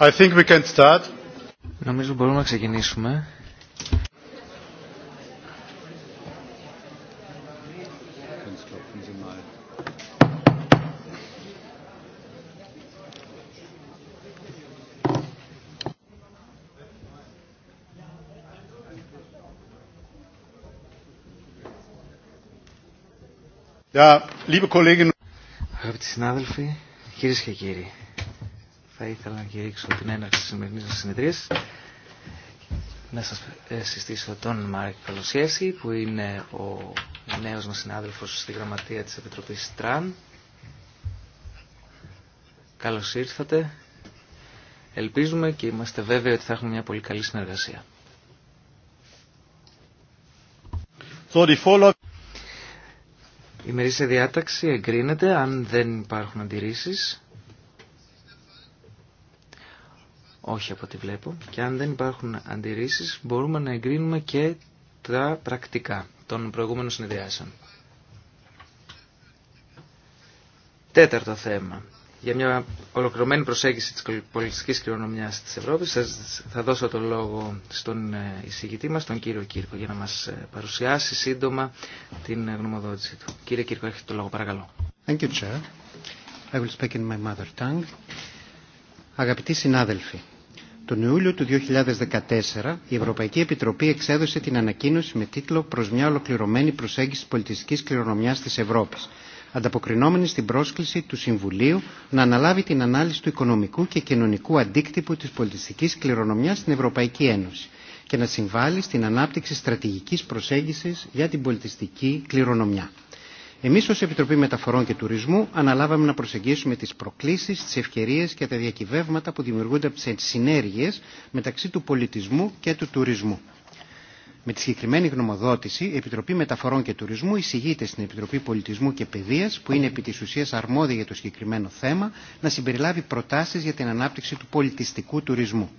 I think we can start. Νομίζω μπορούμε να ξεκινήσουμε. Ja, liebe Kolleginnen. Αγαπητοί συνάδελφοι, κυρίες και κύριοι, θα ήθελα να κηρύξω την έναρξη της σημερινής μας συνεδρίας. Να σας ε, συστήσω τον Μάρκ Καλοσιέση, που είναι ο νέος μας συνάδελφος στη γραμματεία της Επιτροπής Τραν. Καλώς ήρθατε. Ελπίζουμε και είμαστε βέβαιοι ότι θα έχουμε μια πολύ καλή συνεργασία. Η μερίσια διάταξη εγκρίνεται αν δεν υπάρχουν αντιρρήσεις. Όχι από ό,τι βλέπω. Και αν δεν υπάρχουν αντιρρήσει, μπορούμε να εγκρίνουμε και τα πρακτικά των προηγούμενων συνεδριάσεων. Τέταρτο θέμα. Για μια ολοκληρωμένη προσέγγιση της πολιτιστικής κληρονομιάς της Ευρώπης θα δώσω το λόγο στον ε, εισηγητή μας, τον κύριο Κύρκο, για να μας ε, παρουσιάσει σύντομα την γνωμοδότηση του. Κύριε Κύρκο, έχετε το λόγο, παρακαλώ. Thank you, Chair. I will speak in Αγαπητοί συνάδελφοι, τον Ιούλιο του 2014 η Ευρωπαϊκή Επιτροπή εξέδωσε την ανακοίνωση με τίτλο «Προς μια ολοκληρωμένη προσέγγιση πολιτιστικής κληρονομιάς της Ευρώπης» ανταποκρινόμενη στην πρόσκληση του Συμβουλίου να αναλάβει την ανάλυση του οικονομικού και κοινωνικού αντίκτυπου της πολιτιστικής κληρονομιάς στην Ευρωπαϊκή Ένωση και να συμβάλλει στην ανάπτυξη στρατηγικής προσέγγισης για την πολιτιστική κληρονομιά. Εμείς ως Επιτροπή Μεταφορών και Τουρισμού αναλάβαμε να προσεγγίσουμε τις προκλήσεις, τις ευκαιρίες και τα διακυβεύματα που δημιουργούνται από τις συνέργειες μεταξύ του πολιτισμού και του τουρισμού. Με τη συγκεκριμένη γνωμοδότηση, η Επιτροπή Μεταφορών και Τουρισμού εισηγείται στην Επιτροπή Πολιτισμού και Παιδεία, που είναι επί τη ουσία αρμόδια για το συγκεκριμένο θέμα, να συμπεριλάβει προτάσει για την ανάπτυξη του πολιτιστικού τουρισμού.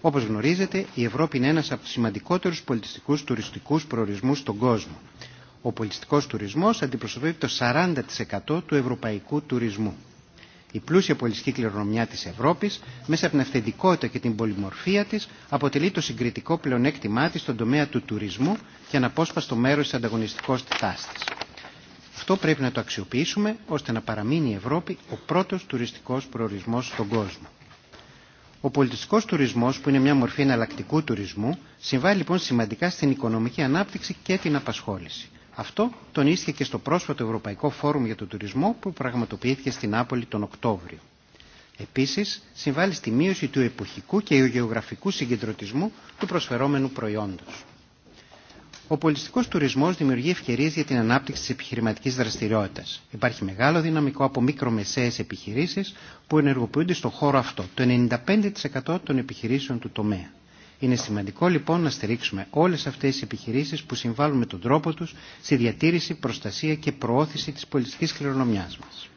Όπω γνωρίζετε, η Ευρώπη είναι ένα από του σημαντικότερου πολιτιστικού τουριστικού προορισμού στον κόσμο. Ο πολιτιστικός τουρισμός αντιπροσωπεύει το 40% του ευρωπαϊκού τουρισμού. Η πλούσια πολιτιστική κληρονομιά της Ευρώπης, μέσα από την αυθεντικότητα και την πολυμορφία της, αποτελεί το συγκριτικό πλεονέκτημά της στον τομέα του τουρισμού και αναπόσπαστο μέρος της ανταγωνιστικός της. Αυτό πρέπει να το αξιοποιήσουμε ώστε να παραμείνει η Ευρώπη ο πρώτος τουριστικός προορισμός στον κόσμο. Ο πολιτιστικός τουρισμός, που είναι μια μορφή εναλλακτικού τουρισμού, συμβάλλει λοιπόν σημαντικά στην οικονομική ανάπτυξη και την απασχόληση. Αυτό τονίστηκε και στο πρόσφατο Ευρωπαϊκό Φόρουμ για τον Τουρισμό που πραγματοποιήθηκε στην Άπολη τον Οκτώβριο. Επίση, συμβάλλει στη μείωση του εποχικού και γεωγραφικού συγκεντρωτισμού του προσφερόμενου προϊόντο. Ο πολιτιστικό τουρισμό δημιουργεί ευκαιρίε για την ανάπτυξη τη επιχειρηματική δραστηριότητα. Υπάρχει μεγάλο δυναμικό από μικρομεσαίε επιχειρήσει που ενεργοποιούνται στον χώρο αυτό, το 95% των επιχειρήσεων του τομέα. Είναι σημαντικό λοιπόν να στηρίξουμε όλες αυτές τις επιχειρήσεις που συμβάλλουν με τον τρόπο τους στη διατήρηση, προστασία και προώθηση της πολιτικής κληρονομιάς μας.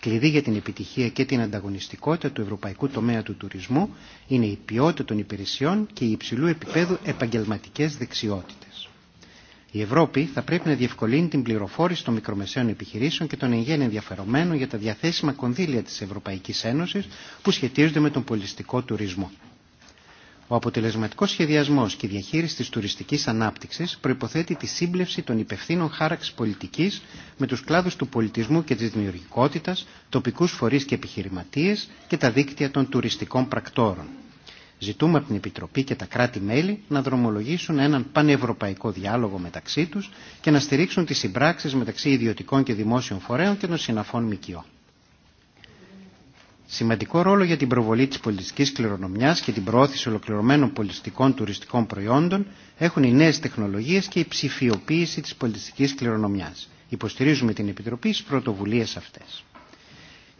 Κλειδί για την επιτυχία και την ανταγωνιστικότητα του ευρωπαϊκού τομέα του τουρισμού είναι η ποιότητα των υπηρεσιών και η υψηλού επίπεδου επαγγελματικές δεξιότητες. Η Ευρώπη θα πρέπει να διευκολύνει την πληροφόρηση των μικρομεσαίων επιχειρήσεων και των ενδιαφερομένων για τα διαθέσιμα κονδύλια της Ευρωπαϊκής Ένωσης που σχετίζονται με τον πολιστικό τουρισμό. Ο αποτελεσματικό σχεδιασμό και η διαχείριση τη τουριστική ανάπτυξη προποθέτει τη σύμπλευση των υπευθύνων χάραξη πολιτικής με τους κλάδους του πολιτισμού και της δημιουργικότητας, τοπικούς φορείς και επιχειρηματίες και τα δίκτυα των τουριστικών πρακτόρων. Ζητούμε από την Επιτροπή και τα κράτη-μέλη να δρομολογήσουν έναν πανευρωπαϊκό διάλογο μεταξύ τους και να στηρίξουν τις συμπράξεις μεταξύ ιδιωτικών και δημόσιων φορέων και των συναφών ΜΚΟ σημαντικό ρόλο για την προβολή της πολιτιστικής κληρονομιάς και την προώθηση ολοκληρωμένων πολιτιστικών τουριστικών προϊόντων έχουν οι νέες τεχνολογίες και η ψηφιοποίηση της πολιτιστικής κληρονομιάς. Υποστηρίζουμε την Επιτροπή στις πρωτοβουλίες αυτές.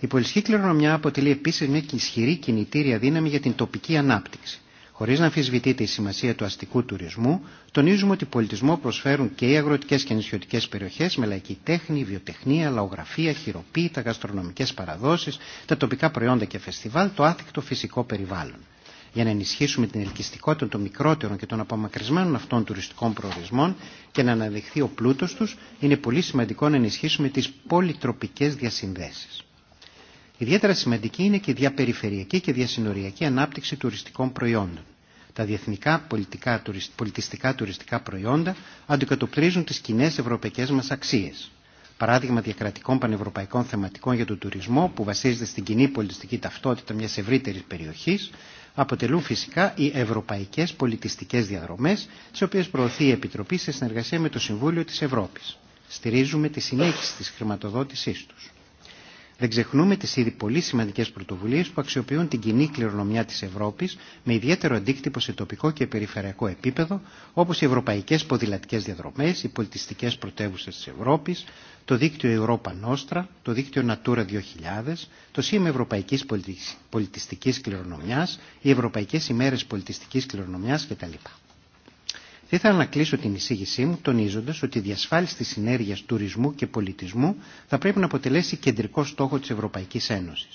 Η πολιτιστική κληρονομιά αποτελεί επίσης μια ισχυρή κινητήρια δύναμη για την τοπική ανάπτυξη. Χωρί να αμφισβητείται η σημασία του αστικού τουρισμού, τονίζουμε ότι πολιτισμό προσφέρουν και οι αγροτικέ και νησιωτικέ περιοχές με λαϊκή τέχνη, βιοτεχνία, λαογραφία, χειροποίητα, γαστρονομικές παραδόσεις, τα τοπικά προϊόντα και φεστιβάλ, το άθικτο φυσικό περιβάλλον. Για να ενισχύσουμε την ελκυστικότητα των μικρότερων και των απομακρυσμένων αυτών τουριστικών προορισμών και να αναδειχθεί ο πλούτος τους, είναι πολύ σημαντικό να ενισχύσουμε τι πολυτροπικέ διασυνδέσει. Ιδιαίτερα σημαντική είναι και η διαπεριφερειακή και διασυνοριακή ανάπτυξη τουριστικών προϊόντων. Τα διεθνικά πολιτικά, πολιτιστικά τουριστικά προϊόντα αντικατοπτρίζουν τις κοινέ ευρωπαϊκές μας αξίες. Παράδειγμα διακρατικών πανευρωπαϊκών θεματικών για τον τουρισμό που βασίζεται στην κοινή πολιτιστική ταυτότητα μιας ευρύτερης περιοχής αποτελούν φυσικά οι ευρωπαϊκές πολιτιστικές διαδρομές τις οποίες προωθεί η Επιτροπή σε συνεργασία με το Συμβούλιο της Ευρώπης. Στηρίζουμε τη συνέχιση της χρηματοδότησής του. Δεν ξεχνούμε τι ήδη πολύ σημαντικέ πρωτοβουλίε που αξιοποιούν την κοινή κληρονομιά της Ευρώπης με ιδιαίτερο αντίκτυπο σε τοπικό και περιφερειακό επίπεδο, όπως οι ευρωπαϊκέ ποδηλατικέ Διαδρομές, οι πολιτιστικέ Πρωτεύουσες της Ευρώπης, το δίκτυο Europa Nostra, το δίκτυο Natura 2000, το Σήμα Ευρωπαϊκή Πολιτιστική Κληρονομιά, οι Ευρωπαϊκέ ημέρε Πολιτιστική Κληρονομιά κτλ. Θα ήθελα να κλείσω την εισήγησή μου τονίζοντα ότι η διασφάλιση τη συνέργεια τουρισμού και πολιτισμού θα πρέπει να αποτελέσει κεντρικό στόχο τη Ευρωπαϊκή Ένωση.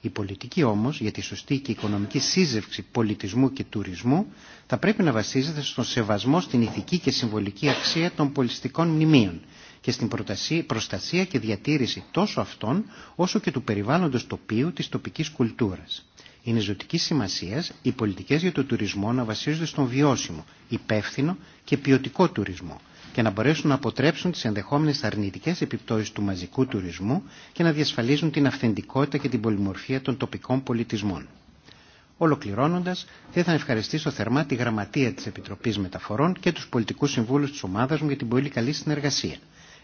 Η πολιτική όμω για τη σωστή και οικονομική σύζευξη πολιτισμού και τουρισμού θα πρέπει να βασίζεται στον σεβασμό στην ηθική και συμβολική αξία των πολιστικών μνημείων και στην προστασία και διατήρηση τόσο αυτών όσο και του περιβάλλοντος τοπίου της τοπικής κουλτούρας. Είναι ζωτική σημασία οι πολιτικέ για το τουρισμό να βασίζονται στον βιώσιμο, υπεύθυνο και ποιοτικό τουρισμό και να μπορέσουν να αποτρέψουν τι ενδεχόμενε αρνητικέ επιπτώσει του μαζικού τουρισμού και να διασφαλίζουν την αυθεντικότητα και την πολυμορφία των τοπικών πολιτισμών. Ολοκληρώνοντα, θα ήθελα να ευχαριστήσω θερμά τη Γραμματεία τη Επιτροπή Μεταφορών και του πολιτικού συμβούλου τη ομάδα μου για την πολύ καλή συνεργασία.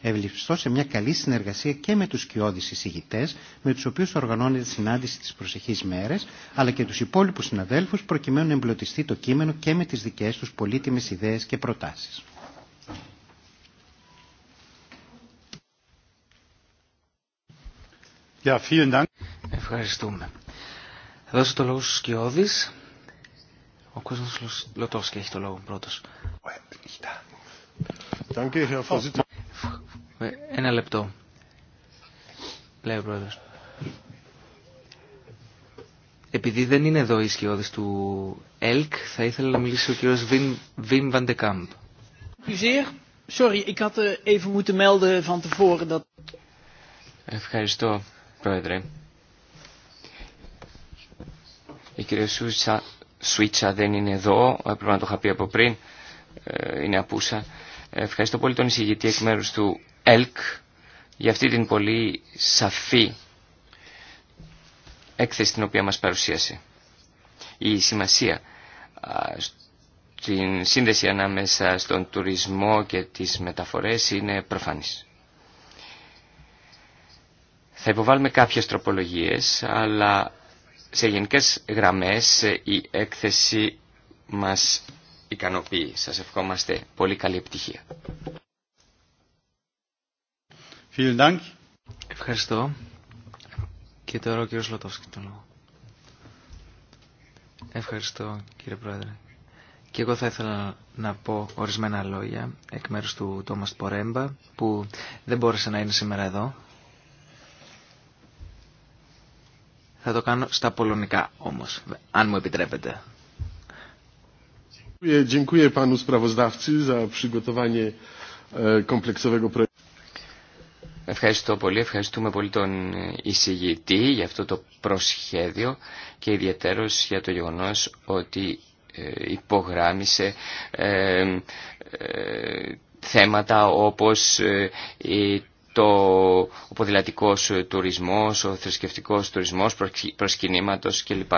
Ευελπιστώ σε μια καλή συνεργασία και με τους κοιόδη εισηγητέ, με τους οποίους οργανώνεται συνάντηση τις προσεχής μέρες, αλλά και τους υπόλοιπους συναδέλφους, προκειμένου να εμπλωτιστεί το κείμενο και με τις δικέ τους πολύτιμε ιδέες και προτάσει. Ευχαριστούμε. Θα δώσω το λόγο στους Σκιώδης. Ο κόσμος Λωτός έχει το λόγο πρώτος. Ένα λεπτό. Λέει ο πρόεδρος. Επειδή δεν είναι εδώ η σκιώδης του ΕΛΚ, θα ήθελα να μιλήσει ο κύριος Βιμ, Βαντεκάμπ. Eh, Ευχαριστώ, πρόεδρε. Η κυρία Σουίτσα, δεν είναι εδώ, ε, πρέπει να το είχα πει από πριν, ε, είναι απούσα. Ευχαριστώ πολύ τον εισηγητή εκ μέρου του ΕΛΚ για αυτή την πολύ σαφή έκθεση την οποία μας παρουσίασε. Η σημασία στην σύνδεση ανάμεσα στον τουρισμό και τις μεταφορές είναι προφανής. Θα υποβάλουμε κάποιες τροπολογίες, αλλά σε γενικές γραμμές η έκθεση μας ικανοποιεί. Σας ευχόμαστε πολύ καλή επιτυχία. Ευχαριστώ. Και τώρα ο κύριο Λοτόφσκι τον λόγο. Ευχαριστώ κύριε Πρόεδρε. Και εγώ θα ήθελα να πω ορισμένα λόγια εκ μέρους του Τόμας Πορέμπα που δεν μπόρεσε να είναι σήμερα εδώ. Θα το κάνω στα πολωνικά όμως, αν μου επιτρέπετε. E, Ευχαριστώ πολύ. Ευχαριστούμε πολύ τον ε, εισηγητή για αυτό το προσχέδιο και ιδιαίτερος για το γεγονός ότι ε, υπογράμμισε ε, θέματα όπως το, ο ποδηλατικός τουρισμός, ο θρησκευτικός τουρισμός προσκυνήματος κλπ.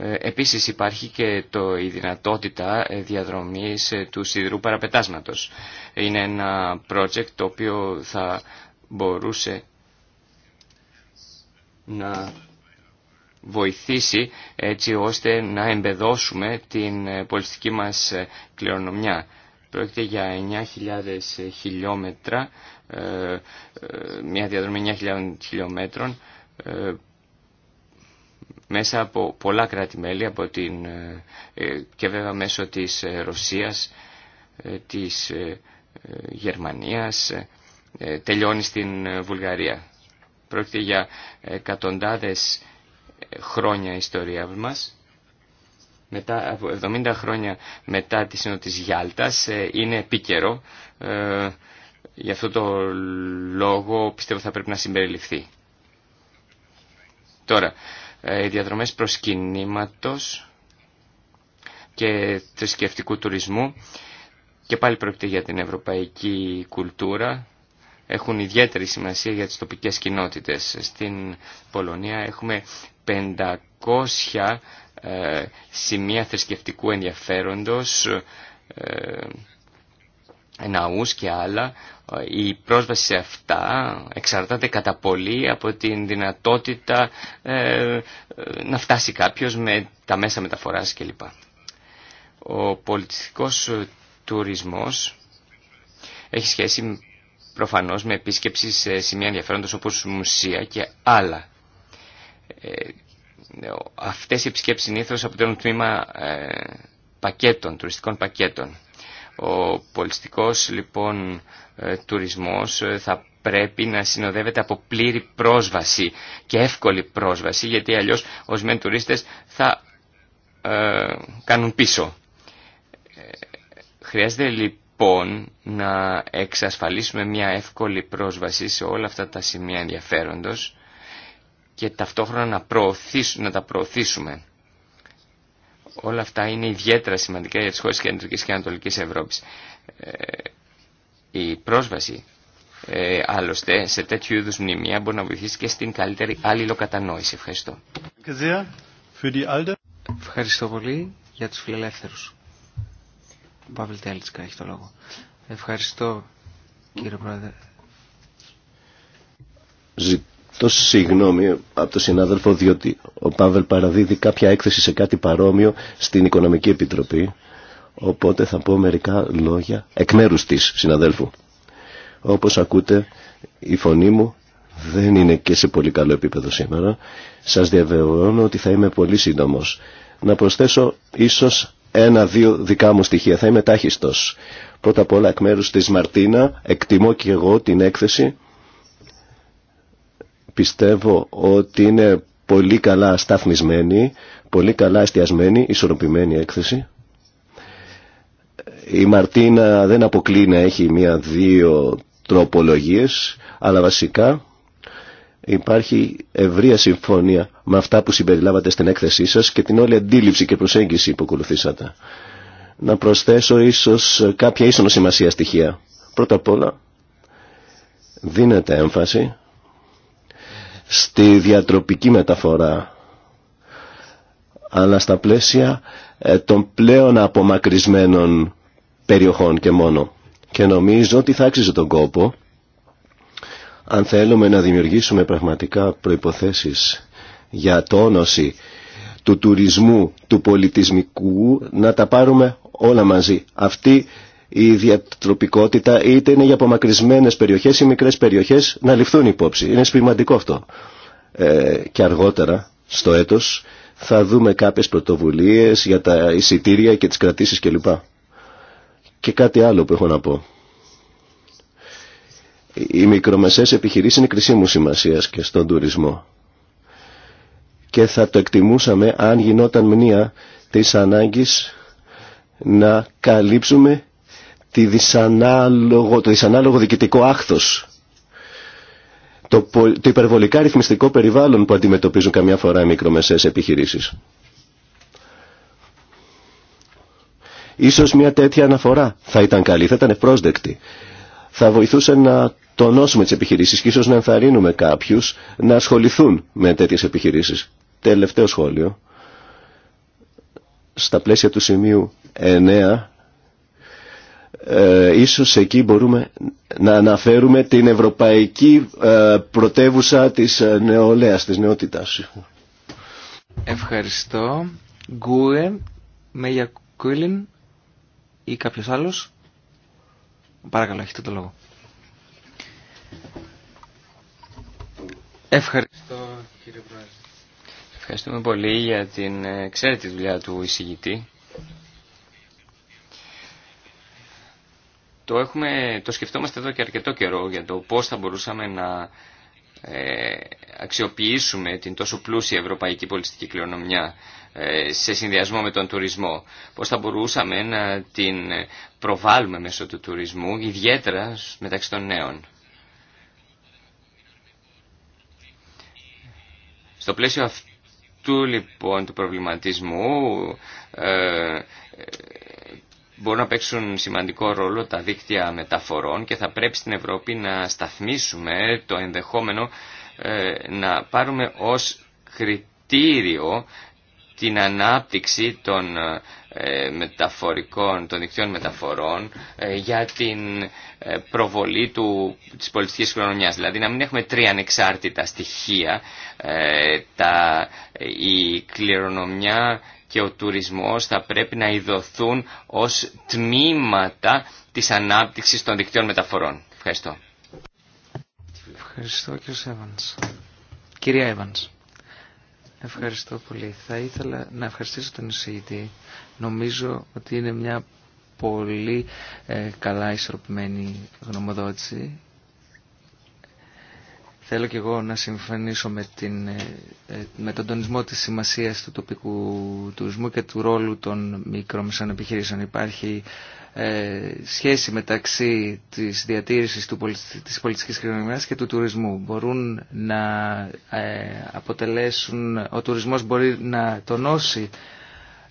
Ε, επίσης υπάρχει και το, η δυνατότητα ε, διαδρομής ε, του σιδηρού παραπετάσματος. Είναι ένα project το οποίο θα μπορούσε να βοηθήσει έτσι ώστε να εμπεδώσουμε την πολιτική μας κληρονομιά. Πρόκειται για 9.000 χιλιόμετρα, μια διαδρομή 9.000 χιλιόμετρων μέσα από πολλά κράτη-μέλη από την, ε, ε, και βέβαια μέσω της ε, Ρωσίας, της Γερμανίας, τελειώνει στην Βουλγαρία. Πρόκειται για εκατοντάδες χρόνια ιστορία μας. Μετά από 70 χρόνια μετά τη Σύνοδο της Γιάλτας είναι επίκαιρο. Γι' αυτό το λόγο πιστεύω θα πρέπει να συμπεριληφθεί. Τώρα, ε, οι διαδρομές προσκυνήματος και θρησκευτικού τουρισμού και πάλι πρόκειται για την ευρωπαϊκή κουλτούρα έχουν ιδιαίτερη σημασία για τις τοπικές κοινότητες. Στην Πολωνία έχουμε 500 ε, σημεία θρησκευτικού ενδιαφέροντος, ε, ναούς και άλλα, η πρόσβαση σε αυτά εξαρτάται κατά πολύ από την δυνατότητα ε, ε, να φτάσει κάποιος με τα μέσα μεταφοράς κλπ. Ο πολιτιστικός τουρισμός έχει σχέση προφανώς με επίσκεψη σε σημεία ενδιαφέροντος όπως μουσεία και άλλα. Ε, αυτές οι επισκέψεις συνήθω αποτελούν τμήμα ε, πακέτων, τουριστικών πακέτων. Ο πολιστικός λοιπόν ε, τουρισμός ε, θα πρέπει να συνοδεύεται από πλήρη πρόσβαση και εύκολη πρόσβαση γιατί αλλιώς μεν τουρίστες θα ε, κάνουν πίσω. Χρειάζεται λοιπόν να εξασφαλίσουμε μια εύκολη πρόσβαση σε όλα αυτά τα σημεία ενδιαφέροντος και ταυτόχρονα να, να τα προωθήσουμε όλα αυτά είναι ιδιαίτερα σημαντικά για τις χώρες Κεντρικής και Ανατολικής Ευρώπης. Ε, η πρόσβαση ε, άλλωστε σε τέτοιου είδου μνημεία μπορεί να βοηθήσει και στην καλύτερη αλληλοκατανόηση. Ευχαριστώ. Ευχαριστώ πολύ για τους φιλελεύθερους. Ο Παύλ Τέλτσκα έχει το λόγο. Ευχαριστώ κύριε Πρόεδρε το συγγνώμη από τον συνάδελφο διότι ο Πάβελ παραδίδει κάποια έκθεση σε κάτι παρόμοιο στην Οικονομική Επιτροπή οπότε θα πω μερικά λόγια εκ μέρους της συναδέλφου. Όπως ακούτε η φωνή μου δεν είναι και σε πολύ καλό επίπεδο σήμερα. Σας διαβεβαιώνω ότι θα είμαι πολύ σύντομος. Να προσθέσω ίσως ένα-δύο δικά μου στοιχεία. Θα είμαι τάχιστος. Πρώτα απ' όλα εκ μέρους της Μαρτίνα εκτιμώ και εγώ την έκθεση Πιστεύω ότι είναι πολύ καλά σταθμισμένη, πολύ καλά εστιασμένη, ισορροπημένη έκθεση. Η Μαρτίνα δεν αποκλεί να έχει μία-δύο τροπολογίες, αλλά βασικά υπάρχει ευρεία συμφωνία με αυτά που συμπεριλάβατε στην έκθεσή σας και την όλη αντίληψη και προσέγγιση που ακολουθήσατε. Να προσθέσω ίσως κάποια ίσονο σημασία στοιχεία. Πρώτα απ' όλα, δίνεται έμφαση στη διατροπική μεταφορά αλλά στα πλαίσια ε, των πλέον απομακρυσμένων περιοχών και μόνο. Και νομίζω ότι θα άξιζε τον κόπο αν θέλουμε να δημιουργήσουμε πραγματικά προϋποθέσεις για τόνωση του τουρισμού, του πολιτισμικού, να τα πάρουμε όλα μαζί. Αυτή η διατροπικότητα είτε είναι για πομακρισμένες περιοχές ή μικρές περιοχές να ληφθούν υπόψη. Είναι σημαντικό αυτό. Ε, και αργότερα στο έτος θα δούμε κάποιε πρωτοβουλίε για τα εισιτήρια και τις κρατήσεις κλπ. Και κάτι άλλο που έχω να πω. Οι μικρομεσαίες επιχειρήσεις είναι κρισίμου σημασίας και στον τουρισμό. Και θα το εκτιμούσαμε αν γινόταν μνήα της ανάγκης να καλύψουμε τη δυσανάλογο, το δυσανάλογο διοικητικό άχθος, το, το υπερβολικά ρυθμιστικό περιβάλλον που αντιμετωπίζουν καμιά φορά οι μικρομεσαίες επιχειρήσεις. Ίσως μια τέτοια αναφορά θα ήταν καλή, θα ήταν ευπρόσδεκτη. Θα βοηθούσε να τονώσουμε τις επιχειρήσεις και ίσως να ενθαρρύνουμε κάποιους να ασχοληθούν με τέτοιες επιχειρήσεις. Τελευταίο σχόλιο. Στα πλαίσια του σημείου 9 ε, ίσως εκεί μπορούμε να αναφέρουμε την ευρωπαϊκή ε, πρωτεύουσα της ε, νεολαίας, της νεότητας. Ευχαριστώ. Γκούε, Μέγια ή κάποιος άλλος. Παρακαλώ, έχετε το λόγο. Ευχαριστώ κύριε Πρόεδρε. Ευχαριστούμε πολύ για την εξαίρετη δουλειά του εισηγητή Το, έχουμε, το σκεφτόμαστε εδώ και αρκετό καιρό για το πώς θα μπορούσαμε να ε, αξιοποιήσουμε την τόσο πλούσια ευρωπαϊκή πολιτιστική κληρονομιά ε, σε συνδυασμό με τον τουρισμό. Πώς θα μπορούσαμε να την προβάλλουμε μέσω του τουρισμού, ιδιαίτερα μεταξύ των νέων. Στο πλαίσιο αυτού λοιπόν του προβληματισμού ε, μπορούν να παίξουν σημαντικό ρόλο τα δίκτυα μεταφορών και θα πρέπει στην Ευρώπη να σταθμίσουμε το ενδεχόμενο ε, να πάρουμε ως κριτήριο την ανάπτυξη των ε, μεταφορικών, των δικτύων μεταφορών ε, για την προβολή του, της πολιτικής οικονομίας. Δηλαδή να μην έχουμε τρία ανεξάρτητα στοιχεία, τα, η κληρονομιά, και ο τουρισμός θα πρέπει να ειδωθούν ως τμήματα της ανάπτυξης των δικτύων μεταφορών. Ευχαριστώ. Ευχαριστώ κύριε Εύανς. Κυρία Εύανς. Ευχαριστώ πολύ. Θα ήθελα να ευχαριστήσω τον εισηγητή. Νομίζω ότι είναι μια πολύ ε, καλά ισορροπημένη γνωμοδότηση Θέλω και εγώ να συμφωνήσω με, την, ε, ε, με τον τονισμό της σημασίας του τοπικού τουρισμού και του ρόλου των μικρομεσαίων επιχειρήσεων. Υπάρχει ε, σχέση μεταξύ της διατήρησης του, της πολιτικής κοινωνίας και του τουρισμού. Μπορούν να αποτελέσουν, ο τουρισμός μπορεί να τονώσει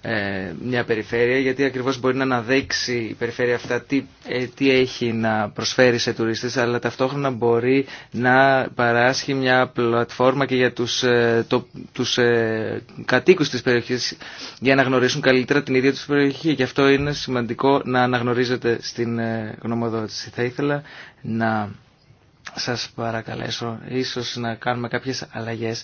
ε, μια περιφέρεια γιατί ακριβώς μπορεί να αναδείξει η περιφέρεια αυτά ε, τι, έχει να προσφέρει σε τουρίστες αλλά ταυτόχρονα μπορεί να παράσχει μια πλατφόρμα και για τους, ε, το, τους κατοίκους της περιοχής για να γνωρίσουν καλύτερα την ίδια τους περιοχή Γι' αυτό είναι σημαντικό να αναγνωρίζεται στην γνωμοδότηση. Θα ήθελα να σας παρακαλέσω ίσως να κάνουμε κάποιες αλλαγές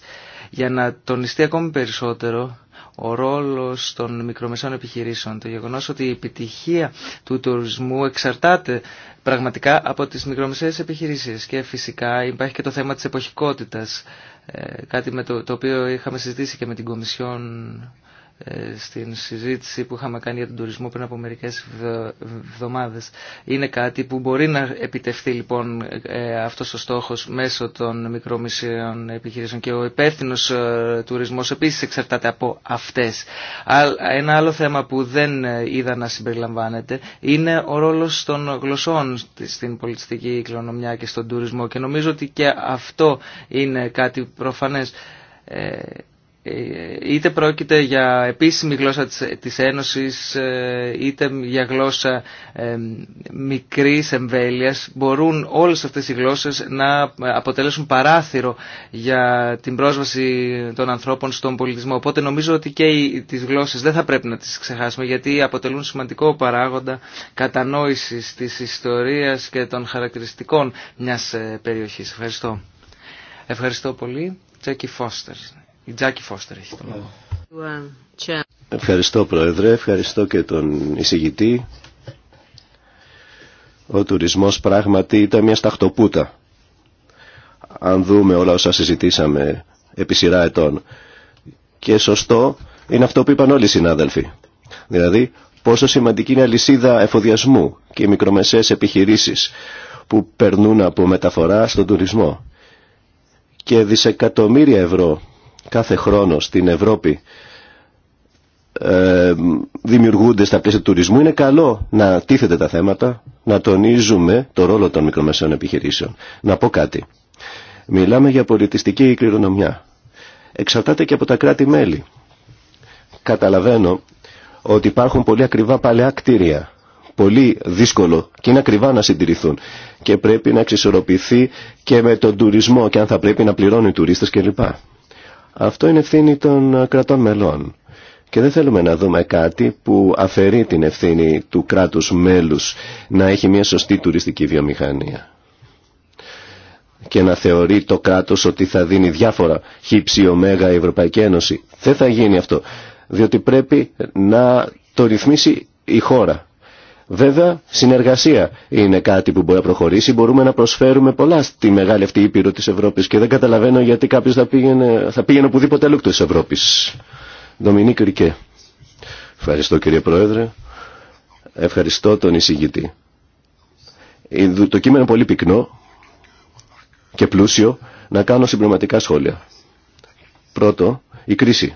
για να τονιστεί ακόμη περισσότερο ο ρόλος των μικρομεσαίων επιχειρήσεων. Το γεγονός ότι η επιτυχία του τουρισμού εξαρτάται πραγματικά από τις μικρομεσαίες επιχειρήσεις και φυσικά υπάρχει και το θέμα της εποχικότητας, ε, κάτι με το, το οποίο είχαμε συζητήσει και με την Κομισιόν ε, στην συζήτηση που είχαμε κάνει για τον τουρισμό πριν από μερικές εβδομάδες. Είναι κάτι που μπορεί να επιτευχθεί λοιπόν ε, αυτός ο στόχος μέσω των μικρομισίων επιχειρήσεων και ο υπεύθυνο ε, τουρισμός επίσης εξαρτάται από αυτές. Ένα άλλο θέμα που δεν είδα να συμπεριλαμβάνεται είναι ο ρόλος των γλωσσών στην πολιτιστική κληρονομιά και στον τουρισμό και νομίζω ότι και αυτό είναι κάτι προφανές ε, είτε πρόκειται για επίσημη γλώσσα της Ένωσης ε, είτε για γλώσσα ε, μικρής εμβέλειας μπορούν όλες αυτές οι γλώσσες να αποτελέσουν παράθυρο για την πρόσβαση των ανθρώπων στον πολιτισμό. Οπότε νομίζω ότι και τις γλώσσες δεν θα πρέπει να τις ξεχάσουμε γιατί αποτελούν σημαντικό παράγοντα κατανόησης της ιστορίας και των χαρακτηριστικών μιας περιοχής. Ευχαριστώ. Ευχαριστώ πολύ. Τζέκι Φώστερς. Η Τζάκη Φώστερ έχει το λόγο. Ευχαριστώ Πρόεδρε, ευχαριστώ και τον εισηγητή. Ο τουρισμός πράγματι ήταν μια σταχτοπούτα. Αν δούμε όλα όσα συζητήσαμε επί σειρά ετών. Και σωστό είναι αυτό που είπαν όλοι οι συνάδελφοι. Δηλαδή πόσο σημαντική είναι η αλυσίδα εφοδιασμού και οι μικρομεσαίες επιχειρήσεις που περνούν από μεταφορά στον τουρισμό. Και δισεκατομμύρια ευρώ κάθε χρόνο στην Ευρώπη ε, δημιουργούνται στα πλαίσια του τουρισμού είναι καλό να τίθεται τα θέματα, να τονίζουμε το ρόλο των μικρομεσαίων επιχειρήσεων. Να πω κάτι. Μιλάμε για πολιτιστική κληρονομιά. Εξαρτάται και από τα κράτη-μέλη. Καταλαβαίνω ότι υπάρχουν πολύ ακριβά παλαιά κτίρια. Πολύ δύσκολο και είναι ακριβά να συντηρηθούν. Και πρέπει να εξισορροπηθεί και με τον τουρισμό και αν θα πρέπει να πληρώνουν οι τουρίστες κλπ. Αυτό είναι ευθύνη των ε, κρατών μελών. Και δεν θέλουμε να δούμε κάτι που αφαιρεί την ευθύνη του κράτους μέλους να έχει μια σωστή τουριστική βιομηχανία. Και να θεωρεί το κράτος ότι θα δίνει διάφορα χύψη ωμέγα η Ευρωπαϊκή Ένωση. Δεν θα γίνει αυτό. Διότι πρέπει να το ρυθμίσει η χώρα. Βέβαια, συνεργασία είναι κάτι που μπορεί να προχωρήσει. Μπορούμε να προσφέρουμε πολλά στη μεγάλη αυτή ήπειρο τη Ευρώπης και δεν καταλαβαίνω γιατί κάποιος θα πήγαινε, θα πήγαινε οπουδήποτε αλλού τη Ευρώπη. Δομινίκ Ρικέ. Ευχαριστώ κύριε Πρόεδρε. Ευχαριστώ τον εισηγητή. Το κείμενο είναι πολύ πυκνό και πλούσιο να κάνω συμπληρωματικά σχόλια. Πρώτο, η κρίση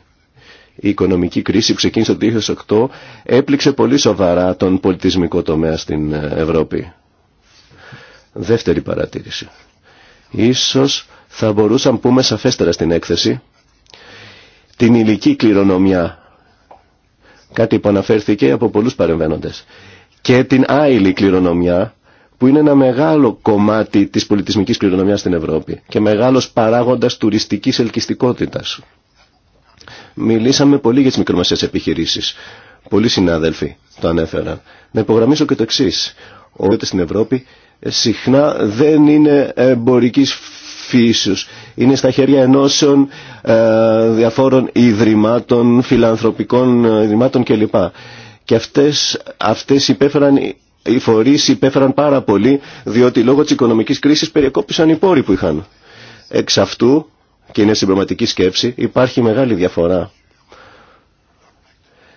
η οικονομική κρίση που ξεκίνησε το 2008 έπληξε πολύ σοβαρά τον πολιτισμικό τομέα στην ε, Ευρώπη. Δεύτερη παρατήρηση. Ίσως θα μπορούσαμε πούμε σαφέστερα στην έκθεση την ηλική κληρονομιά, κάτι που αναφέρθηκε από πολλούς παρεμβαίνοντες, και την άειλη κληρονομιά που είναι ένα μεγάλο κομμάτι της πολιτισμικής κληρονομιάς στην Ευρώπη και μεγάλος παράγοντας τουριστικής ελκυστικότητας Μιλήσαμε πολύ για τι μικρομεσαίες επιχειρήσει. Πολλοί συνάδελφοι το ανέφεραν. Να υπογραμμίσω και το εξή. Ότι στην Ευρώπη ε, συχνά δεν είναι εμπορική φύση. Είναι στα χέρια ενώσεων ε, διαφόρων ιδρυμάτων, φιλανθρωπικών ε, ιδρυμάτων κλπ. Και αυτές, αυτές υπέφεραν, οι φορείς υπέφεραν πάρα πολύ διότι λόγω της οικονομικής κρίσης περιεκόπησαν οι πόροι που είχαν. Εξ αυτού και είναι συμπληρωματική σκέψη, υπάρχει μεγάλη διαφορά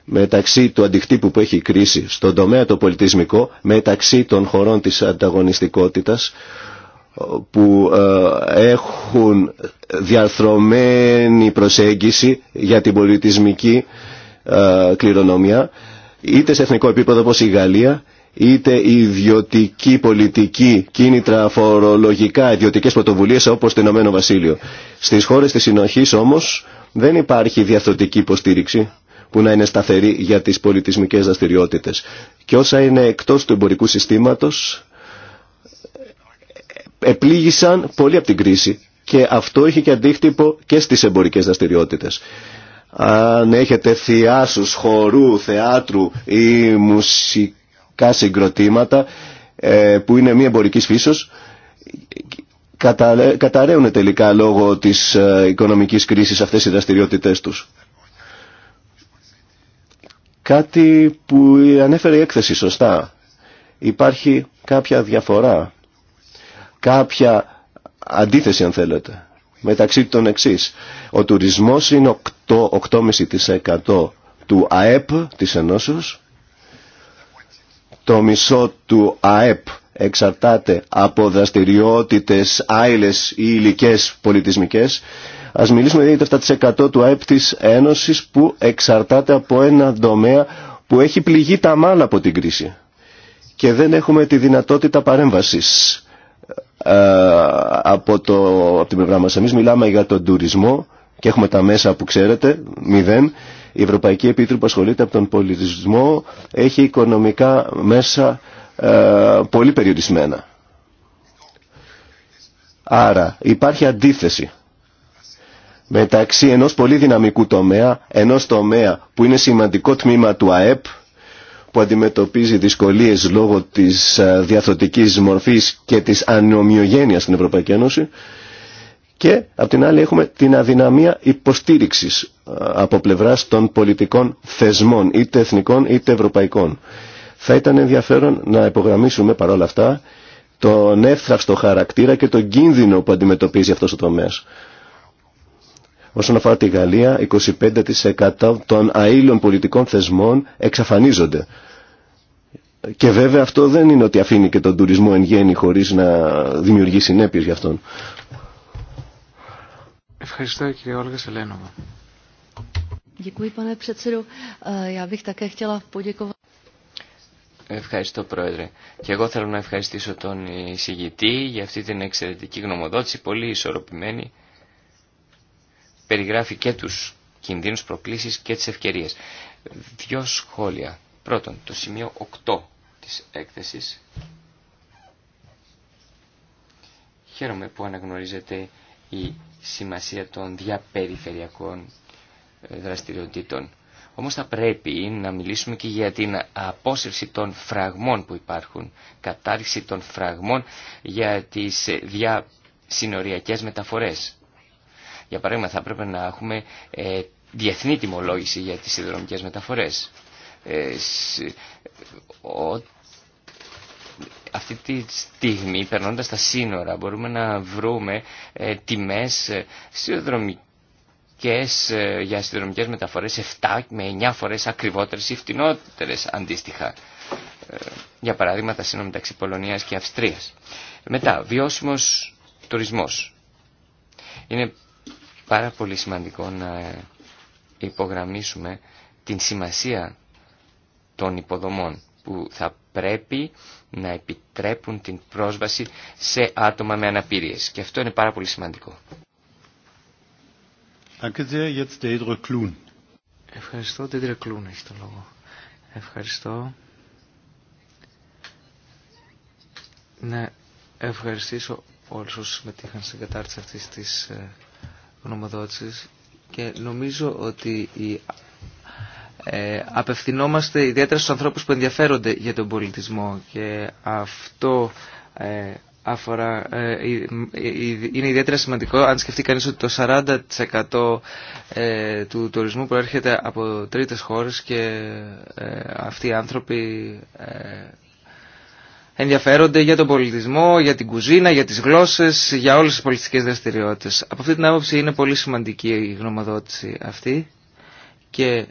μεταξύ του αντιχτύπου που έχει η κρίση στον τομέα το πολιτισμικό, μεταξύ των χωρών της ανταγωνιστικότητας που ε, έχουν διαρθρωμένη προσέγγιση για την πολιτισμική ε, κληρονομιά είτε σε εθνικό επίπεδο όπως η Γαλλία είτε ιδιωτική πολιτική, κίνητρα φορολογικά, ιδιωτικές πρωτοβουλίες όπως το Ηνωμένο Βασίλειο. Στις χώρες της συνοχής όμως δεν υπάρχει διαθροτική υποστήριξη που να είναι σταθερή για τις πολιτισμικές δραστηριότητες. Και όσα είναι εκτός του εμπορικού συστήματος επλήγησαν πολύ από την κρίση και αυτό είχε και αντίκτυπο και στις εμπορικές δραστηριότητες. Αν έχετε θειάσους, χορού, θεάτρου ή μουσική εμπορικά συγκροτήματα ε, που είναι μη εμπορικής φύσεως καταραίουν τελικά λόγω της ε, οικονομικής κρίσης αυτές οι δραστηριότητές τους. Κάτι που ανέφερε η έκθεση σωστά. Υπάρχει κάποια διαφορά, κάποια αντίθεση αν θέλετε, μεταξύ των εξή. Ο τουρισμός είναι 8,5% του ΑΕΠ της Ενώσεως το μισό του ΑΕΠ εξαρτάται από δραστηριότητες άειλες ή υλικέ πολιτισμικές. Ας μιλήσουμε για το 7% του ΑΕΠ της Ένωσης που εξαρτάται από ένα τομέα που έχει πληγεί τα μάλα από την κρίση και δεν έχουμε τη δυνατότητα παρέμβασης ε, από, από την πλευρά μας. Εμείς μιλάμε για τον τουρισμό και έχουμε τα μέσα που ξέρετε, μηδέν. Η Ευρωπαϊκή Επίτροπη ασχολείται από τον πολιτισμό έχει οικονομικά μέσα ε, πολύ περιορισμένα. Άρα υπάρχει αντίθεση μεταξύ ενός πολύ δυναμικού τομέα, ενός τομέα που είναι σημαντικό τμήμα του ΑΕΠ, που αντιμετωπίζει δυσκολίες λόγω της ε, διαθροτικής μορφής και της ανομοιογένειας στην Ευρωπαϊκή Ένωση, και απ' την άλλη έχουμε την αδυναμία υποστήριξης ε, από πλευράς των πολιτικών θεσμών, είτε εθνικών είτε ευρωπαϊκών. Θα ήταν ενδιαφέρον να υπογραμμίσουμε παρόλα αυτά τον εύθραυστο χαρακτήρα και τον κίνδυνο που αντιμετωπίζει αυτός ο τομέας. Όσον αφορά τη Γαλλία, 25% των αήλων πολιτικών θεσμών εξαφανίζονται. Και βέβαια αυτό δεν είναι ότι αφήνει και τον τουρισμό εν γέννη χωρίς να δημιουργεί συνέπειες για αυτόν. Ευχαριστώ κύριε Όλγα Σελένοβα. Ε, Ευχαριστώ Πρόεδρε. Και εγώ θέλω να ευχαριστήσω τον εισηγητή για αυτή την εξαιρετική γνωμοδότηση, πολύ ισορροπημένη. Περιγράφει και τους κινδύνους προκλήσεις και τις ευκαιρίες. Δυο σχόλια. Πρώτον, το σημείο 8 της έκθεσης. Χαίρομαι που αναγνωρίζεται η σημασία των διαπεριφερειακών ε, δραστηριοτήτων. Όμως θα πρέπει να μιλήσουμε και για την απόσυρση των φραγμών που υπάρχουν, κατάρριξη των φραγμών για τις διασυνοριακές μεταφορές. Για παράδειγμα θα πρέπει να έχουμε ε, διεθνή τιμολόγηση για τις συνδρομικές μεταφορές. Ε, αυτή τη στιγμή, περνώντας τα σύνορα, μπορούμε να βρούμε ε, τιμές ε, σιδηροδρομικές, ε, για σιδηροδρομικές μεταφορές 7 με 9 φορές ακριβότερες ή φτηνότερες αντίστοιχα. Ε, για παράδειγμα, τα σύνορα μεταξύ Πολωνίας και Αυστρίας. Μετά, βιώσιμος τουρισμός. Είναι πάρα πολύ σημαντικό να υπογραμμίσουμε την σημασία των υποδομών που θα πρέπει να επιτρέπουν την πρόσβαση σε άτομα με αναπηρίες. Και αυτό είναι πάρα πολύ σημαντικό. Ευχαριστώ, Τέντρα Κλούν έχει το λόγο. Ευχαριστώ. Να ευχαριστήσω όλους όσους συμμετείχαν στην κατάρτιση αυτής της ε, γνωμοδότησης και νομίζω ότι η ε, απευθυνόμαστε ιδιαίτερα στους ανθρώπους που ενδιαφέρονται για τον πολιτισμό και αυτό ε, αφορά, ε, είναι ιδιαίτερα σημαντικό αν σκεφτεί κανείς ότι το 40% του τουρισμού προέρχεται από τρίτες χώρες και αυτοί οι άνθρωποι ενδιαφέρονται για τον πολιτισμό, για την κουζίνα, για τις γλώσσες, για όλες τις πολιτιστικές δραστηριότητες. Από αυτή την άποψη είναι πολύ σημαντική η γνωμοδότηση αυτή και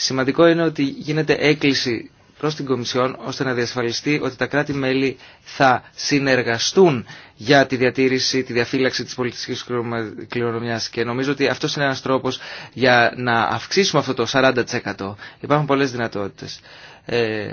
Σημαντικό είναι ότι γίνεται έκκληση προς την Κομισιόν ώστε να διασφαλιστεί ότι τα κράτη-μέλη θα συνεργαστούν για τη διατήρηση, τη διαφύλαξη της πολιτικής κληρονομιάς και νομίζω ότι αυτός είναι ένας τρόπος για να αυξήσουμε αυτό το 40%. Υπάρχουν πολλές δυνατότητες. Ε,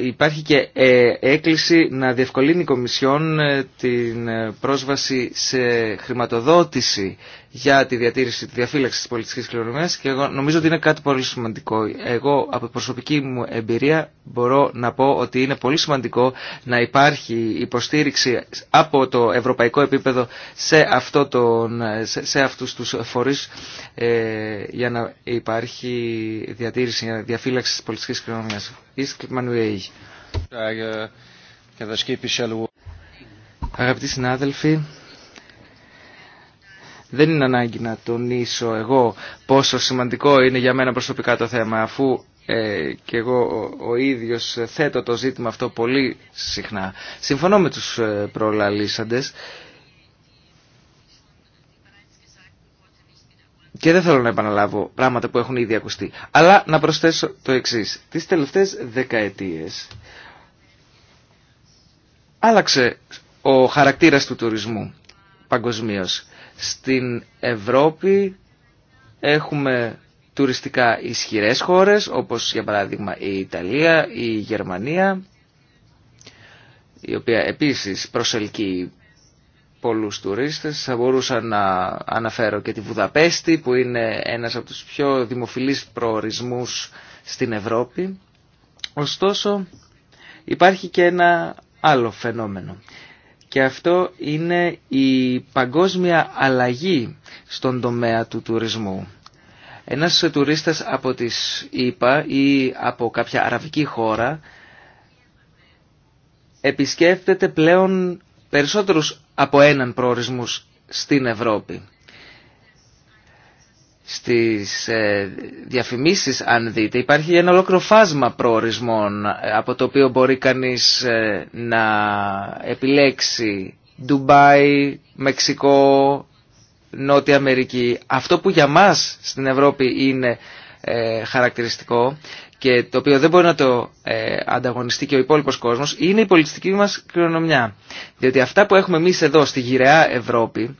υπάρχει και ε, έκκληση να διευκολύνει η Κομισιόν ε, την πρόσβαση σε χρηματοδότηση για τη διατήρηση, τη διαφύλαξη της πολιτικής κληρονομιάς και εγώ νομίζω ότι είναι κάτι πολύ σημαντικό. Εγώ από προσωπική μου εμπειρία μπορώ να πω ότι είναι πολύ σημαντικό να υπάρχει υποστήριξη από το ευρωπαϊκό επίπεδο σε, αυτό τον, σε, αυτούς τους φορείς για να υπάρχει διατήρηση, διαφύλαξη της πολιτικής κληρονομιάς. Αγαπητοί συνάδελφοι, δεν είναι ανάγκη να τονίσω εγώ πόσο σημαντικό είναι για μένα προσωπικά το θέμα, αφού ε, και εγώ ο, ο ίδιος θέτω το ζήτημα αυτό πολύ συχνά. Συμφωνώ με τους ε, προλαλήσαντες και δεν θέλω να επαναλάβω πράγματα που έχουν ήδη ακουστεί. Αλλά να προσθέσω το εξή. Τι τελευταίε δεκαετίε άλλαξε ο χαρακτήρα του τουρισμού παγκοσμίω. Στην Ευρώπη έχουμε τουριστικά ισχυρέ χώρε, όπω για παράδειγμα η Ιταλία, η Γερμανία η οποία επίσης προσελκύει πολλούς τουρίστες. Θα μπορούσα να αναφέρω και τη Βουδαπέστη που είναι ένας από τους πιο δημοφιλείς προορισμούς στην Ευρώπη. Ωστόσο υπάρχει και ένα άλλο φαινόμενο και αυτό είναι η παγκόσμια αλλαγή στον τομέα του τουρισμού. Ένας τουρίστας από τις ΗΠΑ ή από κάποια αραβική χώρα επισκέπτεται πλέον περισσότερους από έναν προορισμού στην Ευρώπη. Στις ε, διαφημίσεις, αν δείτε, υπάρχει ένα ολόκληρο φάσμα προορισμών ε, από το οποίο μπορεί κανείς ε, να επιλέξει Ντουμπάι, Μεξικό, Νότια Αμερική. Αυτό που για μας στην Ευρώπη είναι χαρακτηριστικό και το οποίο δεν μπορεί να το ε, ανταγωνιστεί και ο υπόλοιπος κόσμος είναι η πολιτιστική μας κληρονομιά. Διότι αυτά που έχουμε εμείς εδώ στη γυραιά Ευρώπη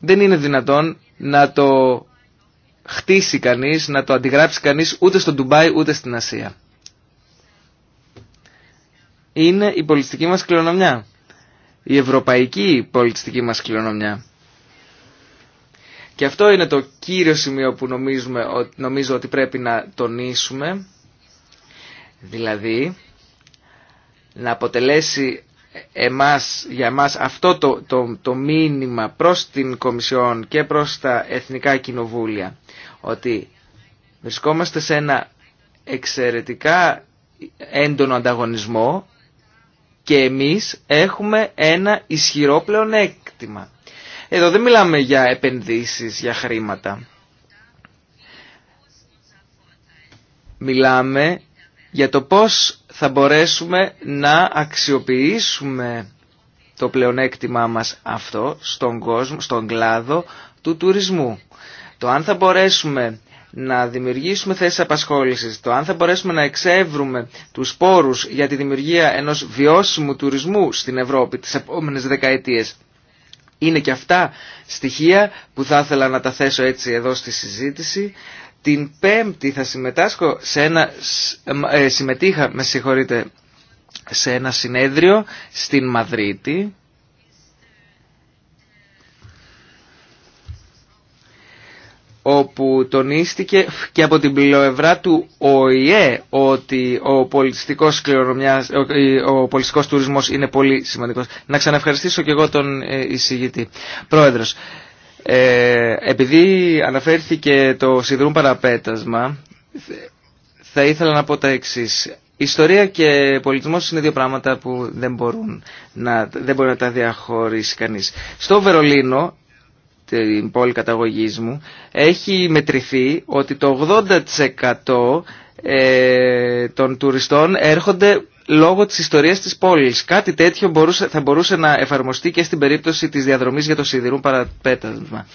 δεν είναι δυνατόν να το χτίσει κανείς, να το αντιγράψει κανείς ούτε στο Ντουμπάι ούτε στην Ασία. Είναι η πολιτιστική μας κληρονομιά. Η ευρωπαϊκή πολιτιστική μας κληρονομιά. Και αυτό είναι το κύριο σημείο που νομίζουμε, νομίζω ότι πρέπει να τονίσουμε, δηλαδή να αποτελέσει εμάς, για εμάς αυτό το, το, το μήνυμα προς την Κομισιόν και προς τα Εθνικά Κοινοβούλια, ότι βρισκόμαστε σε ένα εξαιρετικά έντονο ανταγωνισμό και εμείς έχουμε ένα ισχυρό πλεονέκτημα. Εδώ δεν μιλάμε για επενδύσεις, για χρήματα. Μιλάμε για το πώς θα μπορέσουμε να αξιοποιήσουμε το πλεονέκτημά μας αυτό στον κόσμο, στον κλάδο του τουρισμού. Το αν θα μπορέσουμε να δημιουργήσουμε θέσεις απασχόλησης, το αν θα μπορέσουμε να εξεύρουμε τους πόρους για τη δημιουργία ενός βιώσιμου τουρισμού στην Ευρώπη τις επόμενες δεκαετίες, είναι και αυτά στοιχεία που θα ήθελα να τα θέσω έτσι εδώ στη συζήτηση. Την Πέμπτη θα συμμετάσχω σε ένα, ε, συμμετείχα, με συγχωρείτε, σε ένα συνέδριο στην Μαδρίτη όπου τονίστηκε και από την πλευρά του ΟΗΕ ότι ο πολιτιστικός, κληρονομιάς, ο, πολιτιστικός τουρισμός είναι πολύ σημαντικός. Να ξαναευχαριστήσω και εγώ τον ε, εισηγητή. Πρόεδρος, ε, επειδή αναφέρθηκε το σιδρούν παραπέτασμα, θα ήθελα να πω τα εξή. Ιστορία και πολιτισμός είναι δύο πράγματα που δεν, μπορούν να, δεν μπορεί να τα διαχωρίσει κανείς. Στο Βερολίνο την πόλη καταγωγής μου, έχει μετρηθεί ότι το 80% ε, των τουριστών έρχονται λόγω της ιστορίας της πόλης. Κάτι τέτοιο μπορούσε, θα μπορούσε να εφαρμοστεί και στην περίπτωση της διαδρομής για το σιδηρού παραπέτασμα.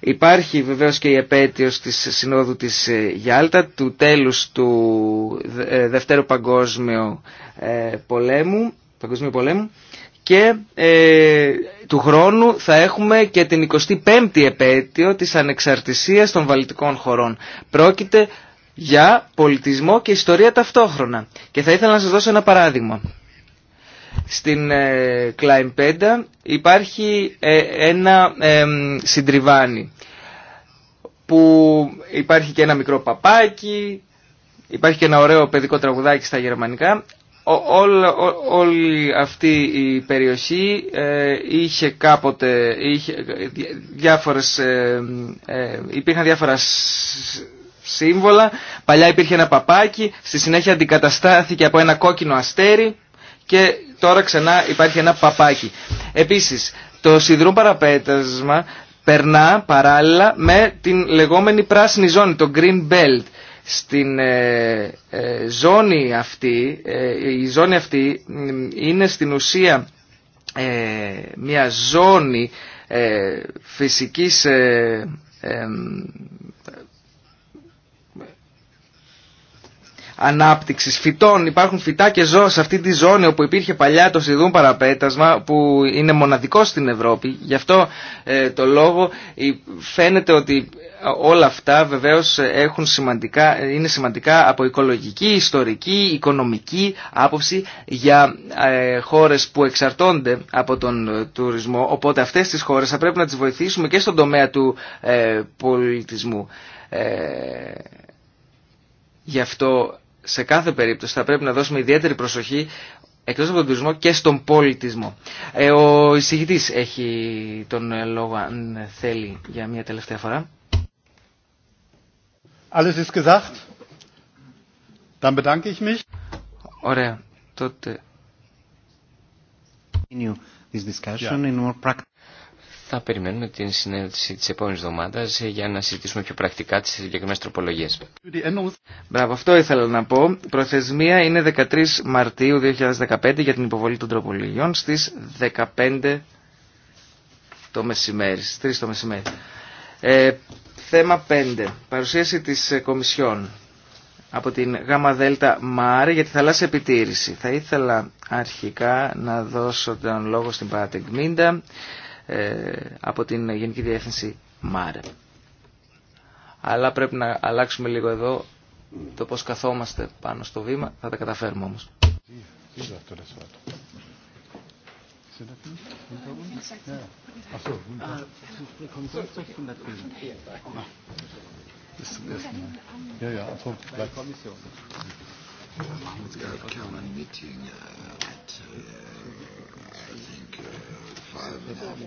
Υπάρχει βεβαίως και η επέτειος της Συνόδου της ε, Γιάλτα, του τέλους του ε, Δευτέρου Παγκόσμιου Πολέμου, Παγκοσμίου Πολέμου και ε, του χρόνου θα έχουμε και την 25η επέτειο της ανεξαρτησίας των βαλτικών χωρών. Πρόκειται για πολιτισμό και ιστορία ταυτόχρονα. Και θα ήθελα να σας δώσω ένα παράδειγμα. Στην ε, Κλαϊμπέντα υπάρχει ε, ένα ε, συντριβάνι που υπάρχει και ένα μικρό παπάκι, υπάρχει και ένα ωραίο παιδικό τραγουδάκι στα γερμανικά όλη αυτή η περιοχή ε, είχε κάποτε είχε διάφορες, ε, ε, υπήρχαν διάφορα σύμβολα παλιά υπήρχε ένα παπάκι στη συνέχεια αντικαταστάθηκε από ένα κόκκινο αστέρι και τώρα ξανά υπάρχει ένα παπάκι επίσης το σιδρού παραπέτασμα περνά παράλληλα με την λεγόμενη πράσινη ζώνη, το Green Belt στην ε, ε, ζώνη αυτή, ε, η ζώνη αυτή είναι στην ουσία μια ζώνη φυσικής ανάπτυξης φυτών. Υπάρχουν φυτά και ζώα σε αυτή τη ζώνη όπου υπήρχε παλιά το σιδούν παραπέτασμα που είναι μοναδικό στην Ευρώπη. Γι' αυτό ε, το λόγο φαίνεται ότι ε, όλα αυτά βεβαίως ε, έχουν είναι σημαντικά από οικολογική, ιστορική, οικονομική άποψη για ε, χώρες που εξαρτώνται από τον τουρισμό. Οπότε αυτέ τι χώρε θα πρέπει να τι βοηθήσουμε και στον τομέα του πολιτισμού. γι' αυτό σε κάθε περίπτωση θα πρέπει να δώσουμε ιδιαίτερη προσοχή εκτός από τον τουρισμό και στον πολιτισμό. Ε, ο εισηγητής έχει τον λόγο αν θέλει για μια τελευταία φορά. Alles ist gesagt. Dann bedanke ich mich. Ωραία. Τότε. This discussion in more θα περιμένουμε την συνέντευξη τη επόμενη εβδομάδα για να συζητήσουμε πιο πρακτικά τις συγκεκριμένε τροπολογίε. Μπράβο, αυτό ήθελα να πω. Προθεσμία είναι 13 Μαρτίου 2015 για την υποβολή των τροπολογιών στις 15 το μεσημέρι, 3 το μεσημέρι. Ε, θέμα 5. Παρουσίαση της Κομισιόν από την ΓΑΜΑ ΔΕΛΤΑ ΜΑΡΕ για τη θαλάσσια επιτήρηση. Θα ήθελα αρχικά να δώσω τον λόγο στην Παρατεγμίντα ε, από την Γενική Διεύθυνση ΜΑΡΕ. Αλλά πρέπει να αλλάξουμε λίγο εδώ το πώς καθόμαστε πάνω στο βήμα. Θα τα καταφέρουμε όμως. Fireman and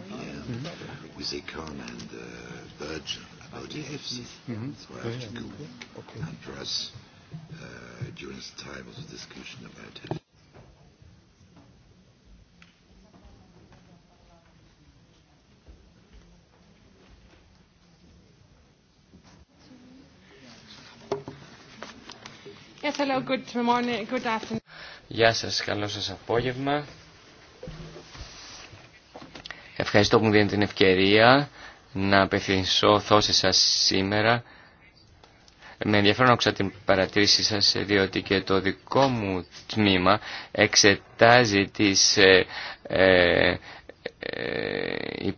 -hmm. with Econ and uh, Virgin about the FC. Mm-hmm. So I have to go okay. and press uh, during the time of the discussion about it. Yes, hello, good morning, good afternoon. Γεια σας, καλό σας απόγευμα. Ευχαριστώ που μου δίνετε την ευκαιρία να απευθυνθώ σε σας σήμερα. Με ενδιαφέρον άκουσα την παρατήρησή σας, διότι και το δικό μου τμήμα εξετάζει τις, ε, ε, ε,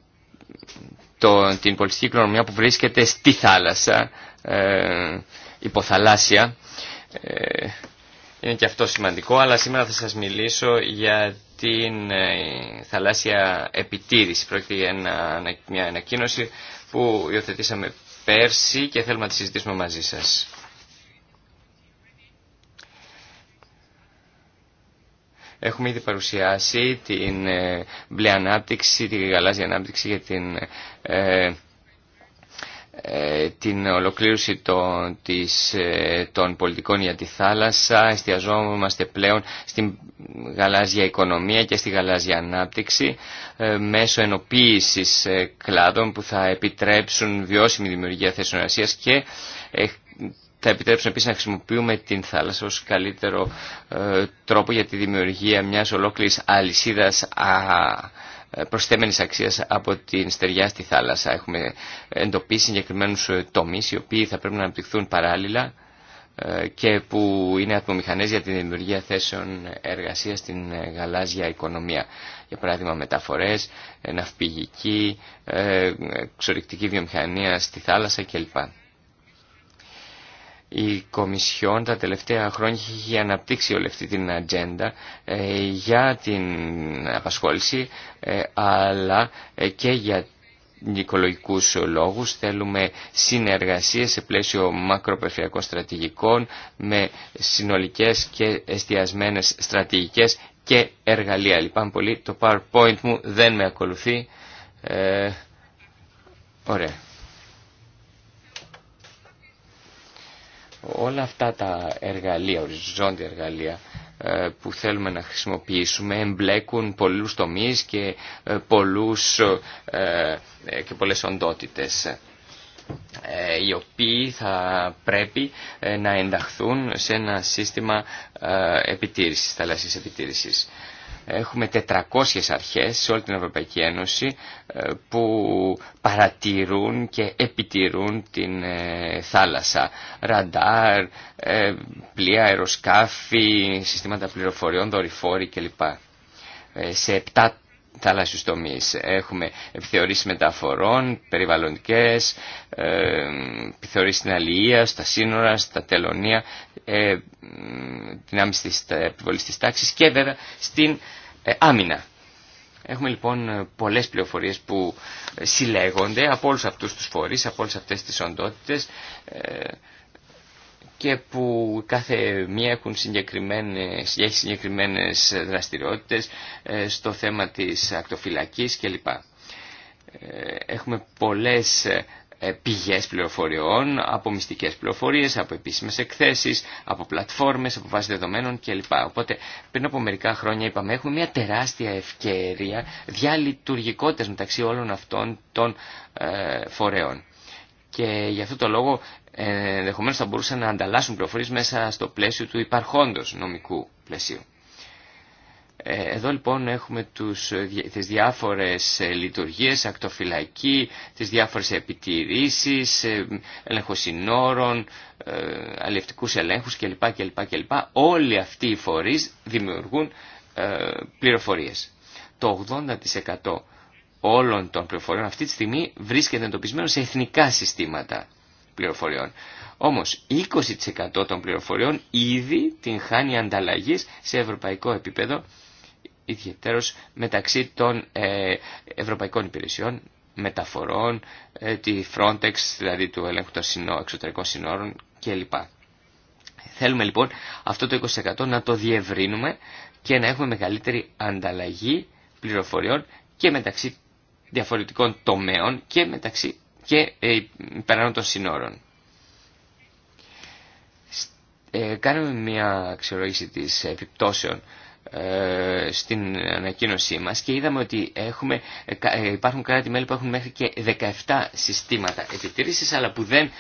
το, την πολιτική οικονομία που βρίσκεται στη θάλασσα, υποθαλάσσια. είναι και αυτό σημαντικό, αλλά σήμερα θα σας μιλήσω για την ε, θαλάσσια επιτήρηση. Πρόκειται για μια ανακοίνωση που υιοθετήσαμε πέρσι και θέλουμε να τη συζητήσουμε μαζί σας. Έχουμε ήδη παρουσιάσει την ε, μπλε ανάπτυξη, τη γαλάζια ανάπτυξη για την ε, ε, την ολοκλήρωση των, της, ε, των πολιτικών για τη θάλασσα. Εστιαζόμαστε πλέον στην γαλάζια οικονομία και στη γαλάζια ανάπτυξη ε, μέσω ενοποίησης κλάδων που θα επιτρέψουν βιώσιμη δημιουργία θέσεων εργασίας και θα επιτρέψουν επίσης να χρησιμοποιούμε την θάλασσα ως καλύτερο τρόπο για τη δημιουργία μιας ολόκληρης αλυσίδας ε, προσθέμενης αξίας από την στεριά στη θάλασσα. Έχουμε εντοπίσει συγκεκριμένου ε, τομείς οι οποίοι θα πρέπει να αναπτυχθούν παράλληλα ε, και που είναι ατμομηχανές για τη δημιουργία θέσεων εργασίας στην γαλάζια οικονομία. Για παράδειγμα μεταφορές, ναυπηγική, ξορυκτική βιομηχανία στη θάλασσα κλπ η Κομισιόν τα τελευταία χρόνια έχει αναπτύξει όλη αυτή την ατζέντα ε, για την απασχόληση ε, αλλά ε, και για οικολογικούς λόγους. Θέλουμε συνεργασίες σε πλαίσιο μακροπεφιακών στρατηγικών με συνολικές και εστιασμένες στρατηγικές και εργαλεία. Λυπάμαι πολύ, το PowerPoint μου δεν με ακολουθεί. ωραία. Όλα αυτά τα εργαλεία, οριζόντια εργαλεία ε, που θέλουμε να χρησιμοποιήσουμε εμπλέκουν πολλούς τομείς και, ε, πολλούς, ε, και πολλές οντότητες οι οποίοι θα πρέπει να ενταχθούν σε ένα σύστημα επιτήρησης, θαλασσής επιτήρησης. Έχουμε 400 αρχές σε όλη την Ευρωπαϊκή Ένωση ε, που παρατηρούν και επιτηρούν την ε, θάλασσα. Ραντάρ, ε, πλοία, αεροσκάφη, συστήματα πληροφοριών, δορυφόροι κλπ. Σε 7 θαλάσσιους τομείς. Έχουμε επιθεωρήσεις μεταφορών, περιβαλλοντικές, επιθεωρήσεις στην αλληλεία, στα σύνορα, στα τελωνία, την δυνάμεις της επιβολής της τάξης και βέβαια στην ε, άμυνα. Έχουμε λοιπόν πολλές πληροφορίες που συλλέγονται από όλους αυτούς τους φορείς, από όλες αυτές τις οντότητες ε, και που κάθε μία έχουν συγκεκριμένες, έχει συγκεκριμένες δραστηριότητες ε, στο θέμα της ακτοφυλακής κλπ. Έχουμε πολλές ε, πηγές πληροφοριών, από μυστικές πληροφορίες, από επίσημες εκθέσεις, από πλατφόρμες, από βάσεις δεδομένων κλπ. Οπότε πριν από μερικά χρόνια είπαμε έχουμε μια τεράστια ευκαιρία διαλειτουργικότητας μεταξύ όλων αυτών των ε, φορέων. Και γι' αυτό το λόγο ε, ενδεχομένως θα μπορούσαν να ανταλλάσσουν πληροφορίες μέσα στο πλαίσιο του υπαρχόντος νομικού πλαισίου. Ε, εδώ λοιπόν έχουμε τους, ε, τις διάφορες ε, λειτουργίες, ακτοφυλακή, τις διάφορες επιτηρήσεις, έλεγχο συνόρων, αλληλευτικούς ελέγχους κλπ. κλπ, κλπ. Όλοι αυτοί οι φορείς δημιουργούν πληροφορίες. Το 80% όλων των πληροφοριών αυτή τη στιγμή βρίσκεται εντοπισμένο σε εθνικά συστήματα πληροφοριών. Όμως 20% των πληροφοριών ήδη την χάνει ανταλλαγής σε ευρωπαϊκό επίπεδο ιδιαίτερος μεταξύ των ε, ευρωπαϊκών υπηρεσιών, μεταφορών, ε, τη Frontex, δηλαδή του ελέγχου των εξωτερικών συνόρων κλπ. Θέλουμε λοιπόν αυτό το 20% να το διευρύνουμε και να έχουμε μεγαλύτερη ανταλλαγή πληροφοριών και μεταξύ διαφορετικών τομέων και μεταξύ και ε, υπεράνω των συνόρων. κάνουμε μια αξιολόγηση της επιπτώσεων ε, στην ανακοίνωσή μας και είδαμε ότι έχουμε, ε, υπάρχουν κράτη-μέλη που έχουν μέχρι και 17 συστήματα επιτήρησης αλλά που δεν,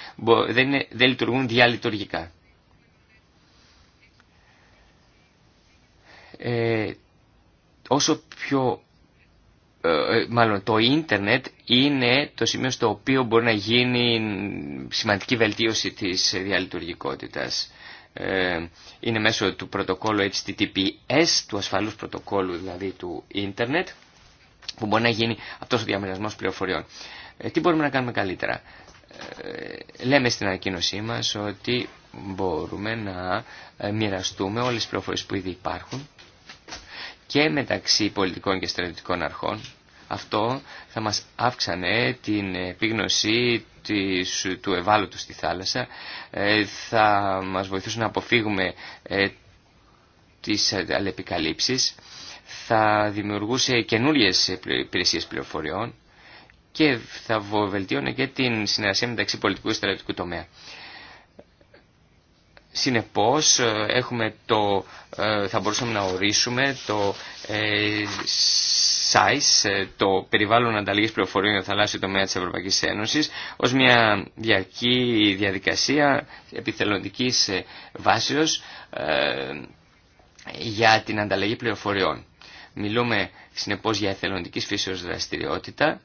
δεν, λειτουργούν διαλειτουργικά. Ε, όσο πιο ε, μάλλον το ίντερνετ είναι το σημείο στο οποίο μπορεί να γίνει σημαντική βελτίωση της διαλειτουργικότητας. Ε, είναι μέσω του πρωτοκόλλου HTTPS, του ασφαλούς πρωτοκόλλου δηλαδή του ίντερνετ, που μπορεί να γίνει αυτός ο διαμερισμός πληροφοριών. Ε, τι μπορούμε να κάνουμε καλύτερα. Ε, λέμε στην ανακοίνωσή μας ότι μπορούμε να μοιραστούμε όλες τις πληροφορίες που ήδη υπάρχουν και μεταξύ πολιτικών και στρατιωτικών αρχών αυτό θα μας αύξανε την επίγνωση της, του ευάλωτου στη θάλασσα, ε, θα μας βοηθούσε να αποφύγουμε ε, τις αλλεπικαλύψεις, θα δημιουργούσε καινούριες υπηρεσίες πληροφοριών και θα βελτίωνε και την συνεργασία μεταξύ πολιτικού και στρατιωτικού τομέα. Συνεπώς ε, έχουμε το, θα μπορούσαμε να ορίσουμε το ε, το περιβάλλον ανταλλαγή πληροφοριών για το θαλάσσιο τομέα τη Ευρωπαϊκή Ένωση, ω μια διαρκή διαδικασία επιθελοντική ε, βάσεω ε, για την ανταλλαγή πληροφοριών. Μιλούμε συνεπώς για εθελοντικής φύσεως δραστηριότητα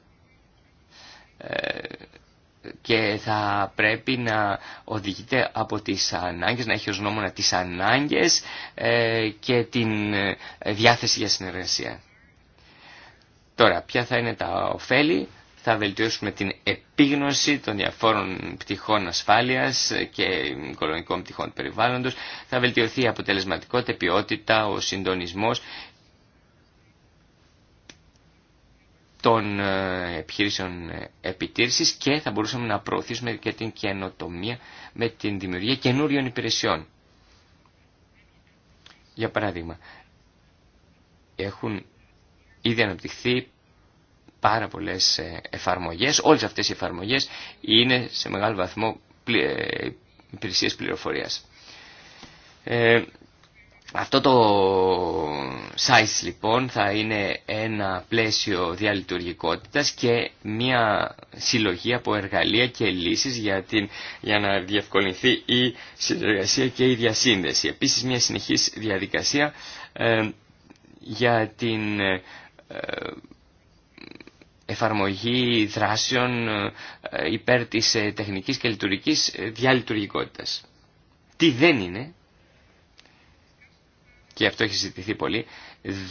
και θα πρέπει να οδηγείται από τις ανάγκες, να έχει ως νόμονα τις ανάγκες και την διάθεση για συνεργασία. Τώρα, ποια θα είναι τα ωφέλη. Θα βελτιώσουμε την επίγνωση των διαφόρων πτυχών ασφάλειας και οικονομικών πτυχών περιβάλλοντος. Θα βελτιωθεί η αποτελεσματικότητα, η ποιότητα, ο συντονισμός των ε, επιχειρήσεων ε, επιτήρησης και θα μπορούσαμε να προωθήσουμε και την καινοτομία με την δημιουργία καινούριων υπηρεσιών. Για παράδειγμα, έχουν ήδη αναπτυχθεί πάρα πολλές ε, εφαρμογές. Όλες αυτές οι εφαρμογές είναι σε μεγάλο βαθμό ε, υπηρεσίες πληροφορίας. Ε, αυτό το size λοιπόν θα είναι ένα πλαίσιο διαλειτουργικότητας και μια συλλογή από εργαλεία και λύσεις για, την, για να διευκολυνθεί η συνεργασία και η διασύνδεση. Επίσης μια συνεχής διαδικασία για την ε, εφαρμογή δράσεων ε, υπέρ της ε, τεχνικής και λειτουργικής διαλειτουργικότητας. Τι δεν είναι, και αυτό έχει συζητηθεί πολύ,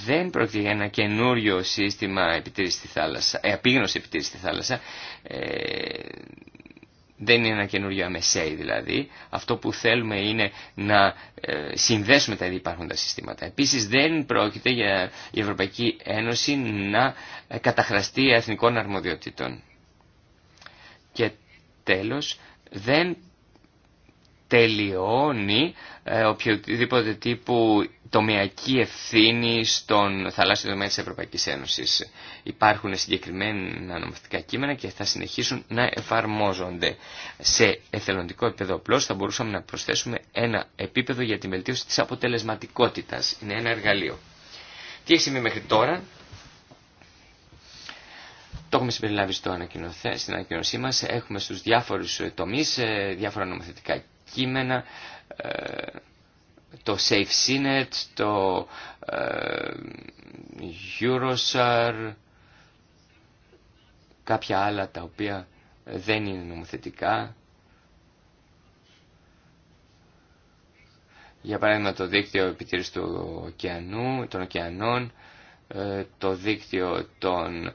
δεν πρόκειται για ένα καινούριο σύστημα επιτήρησης στη θάλασσα, ε, επιτήρησης στη θάλασσα, δεν είναι ένα καινούριο MSA δηλαδή. Αυτό που θέλουμε είναι να ε, συνδέσουμε τα ήδη υπάρχοντα συστήματα. Επίσης δεν πρόκειται για η Ευρωπαϊκή Ένωση να ε, καταχραστεί εθνικών αρμοδιοτήτων. Και τέλος, δεν τελειώνει ε, οποιοδήποτε τύπου τομιακή ευθύνη στον θαλάσσιο τομέα της Ευρωπαϊκής Ένωσης. Υπάρχουν συγκεκριμένα νομοθετικά κείμενα και θα συνεχίσουν να εφαρμόζονται. Σε εθελοντικό επίπεδο απλώς θα μπορούσαμε να προσθέσουμε ένα επίπεδο για τη βελτίωση της αποτελεσματικότητας. Είναι ένα εργαλείο. Τι έχει συμβεί μέχρι τώρα. Το έχουμε συμπεριλάβει στο στην ανακοινωσή μας. Έχουμε στους διάφορους τομείς ε, διάφορα νομοθετικά κείμενα, ε, το Safe το ε, Eurosar, κάποια άλλα τα οποία δεν είναι νομοθετικά. Για παράδειγμα το δίκτυο επιτήρησης του ωκεανού, των ωκεανών, ε, το δίκτυο των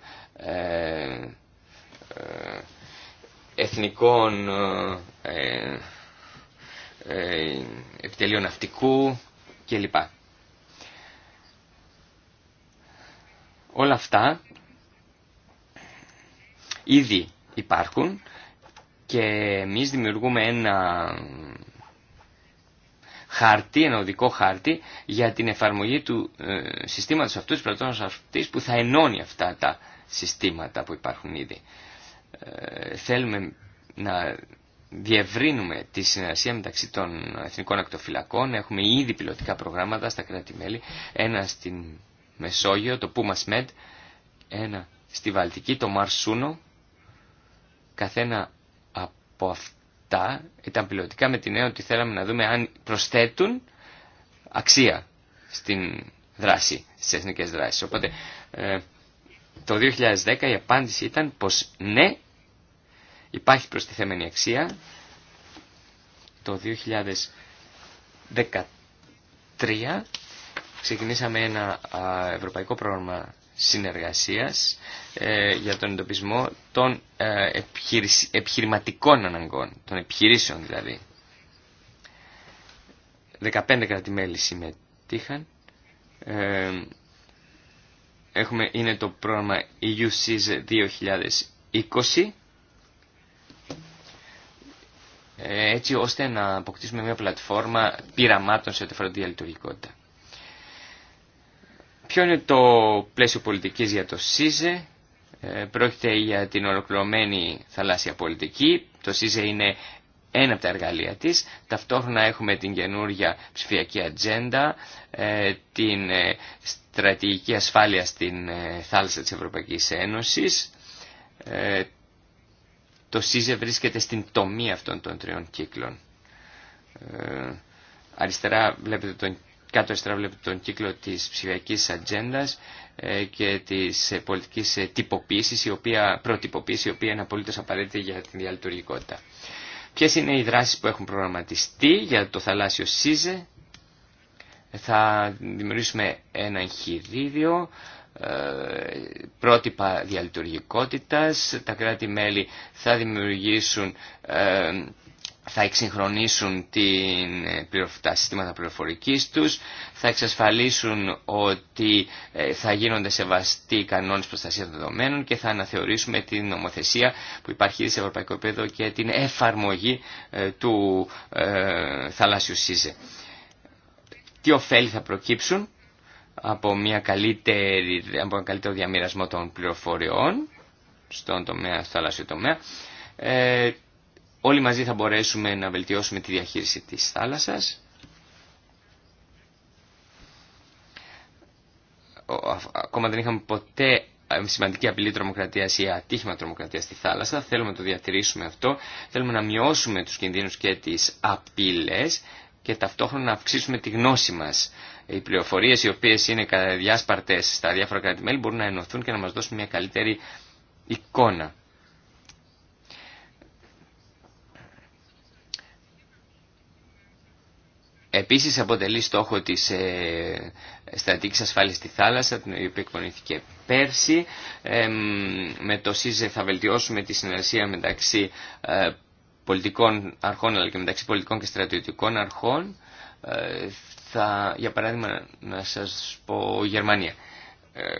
εθνικών ε, επιτελείο ναυτικού κλπ. Όλα αυτά ήδη υπάρχουν και εμείς δημιουργούμε ένα χάρτη, ένα οδικό χάρτη για την εφαρμογή του ε, συστήματος αυτού, της αυτής που θα ενώνει αυτά τα συστήματα που υπάρχουν ήδη. Ε, θέλουμε να διευρύνουμε τη συνεργασία μεταξύ των εθνικών ακτοφυλακών. Έχουμε ήδη πιλωτικά προγράμματα στα κράτη-μέλη. Ένα στην Μεσόγειο, το Pumas Med, ένα στη Βαλτική, το Μαρσούνο. Καθένα από αυτά ήταν πιλωτικά με την έννοια ότι θέλαμε να δούμε αν προσθέτουν αξία στην δράση, στις εθνικές δράσεις. Οπότε ε, το 2010 η απάντηση ήταν πως ναι, Υπάρχει προστιθέμενη αξία. Το 2013 ξεκινήσαμε ένα ευρωπαϊκό πρόγραμμα συνεργασίας ε, για τον εντοπισμό των ε, επιχειρηματικών αναγκών, των επιχειρήσεων δηλαδή. 15 κρατημέλη συμμετείχαν. Ε, έχουμε, είναι το πρόγραμμα EU 2020 ε, έτσι ώστε να αποκτήσουμε μια πλατφόρμα πειραμάτων σε ό,τι αφορά τη Ποιο είναι το πλαίσιο πολιτικής για το ΣΥΖΕ. Ε, πρόκειται για την ολοκληρωμένη θαλάσσια πολιτική. Το ΣΥΖΕ είναι ένα από τα εργαλεία της. Ταυτόχρονα έχουμε την καινούργια ψηφιακή ατζέντα, ε, την στρατηγική ασφάλεια στην θάλασσα της Ευρωπαϊκής Ένωσης, το ΣΥΖΕ βρίσκεται στην τομή αυτών των τριών κύκλων. Ε, αριστερά βλέπετε τον Κάτω αριστερά βλέπετε τον κύκλο της ψηφιακής ατζέντα ε, και της ε, πολιτικής τυποποίησης, η οποία, προτυποποίηση, η οποία είναι απολύτως απαραίτητη για την διαλειτουργικότητα. Ποιες είναι οι δράσεις που έχουν προγραμματιστεί για το θαλάσσιο ΣΥΖΕ. Θα δημιουργήσουμε ένα εγχειρίδιο ε, πρότυπα διαλειτουργικότητας. Τα κράτη-μέλη θα δημιουργήσουν, ε, θα εξυγχρονίσουν την, ε, τα συστήματα πληροφορικής τους, θα εξασφαλίσουν ότι θα γίνονται σεβαστοί οι κανόνες προστασίας των δεδομένων και θα αναθεωρήσουμε την νομοθεσία που υπάρχει σε ευρωπαϊκό επίπεδο και την εφαρμογή του θαλάσσιου ΣΥΖΕ. Τι ωφέλη θα προκύψουν από, μια καλύτερη, από ένα καλύτερο διαμοιρασμό των πληροφοριών στον τομέα, στο θαλάσσιο τομέα. Ε, όλοι μαζί θα μπορέσουμε να βελτιώσουμε τη διαχείριση της θάλασσας. Ακόμα δεν είχαμε ποτέ ε, σημαντική απειλή τρομοκρατία ή ατύχημα τρομοκρατία στη θάλασσα. Θέλουμε να το διατηρήσουμε αυτό. Θέλουμε να μειώσουμε τους κινδύνου και τι απειλέ και ταυτόχρονα να αυξήσουμε τη γνώση μας οι πληροφορίε οι οποίε είναι διάσπαρτε στα διάφορα κράτη-μέλη μπορούν να ενωθούν και να μα δώσουν μια καλύτερη εικόνα. Επίσης αποτελεί στόχο τη ε, στρατηγικής ασφάλειας στη θάλασσα, την οποία εκπονήθηκε πέρσι. με το ΣΥΖΕ θα βελτιώσουμε τη συνεργασία μεταξύ ε, πολιτικών αρχών αλλά και μεταξύ πολιτικών και στρατιωτικών αρχών. Ε, θα, για παράδειγμα να σας πω Γερμανία. Ε,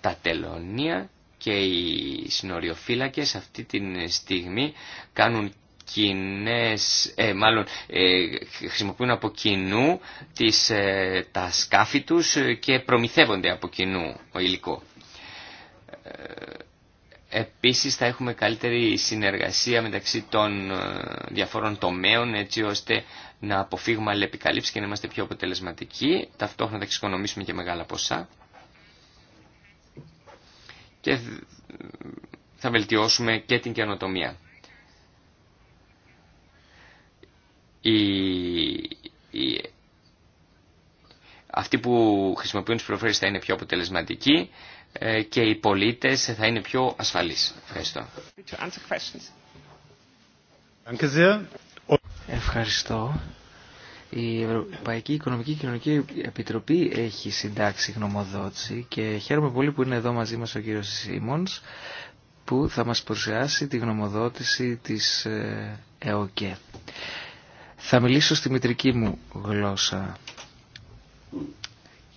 τα τελωνία και οι συνοριοφύλακες αυτή τη στιγμή κάνουν κοινές, ε, μάλλον ε, χρησιμοποιούν από κοινού τις, τα σκάφη τους και προμηθεύονται από κοινού ο υλικό. Επίσης θα έχουμε καλύτερη συνεργασία μεταξύ των ε, διαφόρων τομέων έτσι ώστε να αποφύγουμε αλληλεπικαλύψεις και να είμαστε πιο αποτελεσματικοί. Ταυτόχρονα θα εξοικονομήσουμε και μεγάλα ποσά. Και θα βελτιώσουμε και την καινοτομία. η αυτοί που χρησιμοποιούν τις προφέρειες θα είναι πιο αποτελεσματικοί ε, και οι πολίτες θα είναι πιο ασφαλείς. Ευχαριστώ. Ευχαριστώ. Η Ευρωπαϊκή Οικονομική και Κοινωνική Επιτροπή έχει συντάξει γνωμοδότηση και χαίρομαι πολύ που είναι εδώ μαζί μας ο κύριος Σίμονς που θα μας παρουσιάσει τη γνωμοδότηση της ε, ΕΟΚΕ. Θα μιλήσω στη μητρική μου γλώσσα,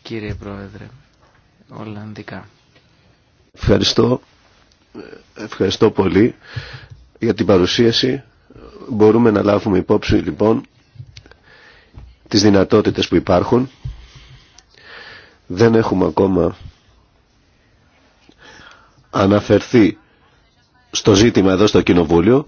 κύριε Πρόεδρε, Ολλανδικά. Ευχαριστώ. Ευχαριστώ πολύ για την παρουσίαση. Μπορούμε να λάβουμε υπόψη λοιπόν τις δυνατότητες που υπάρχουν. Δεν έχουμε ακόμα αναφερθεί στο ζήτημα εδώ στο Κοινοβούλιο,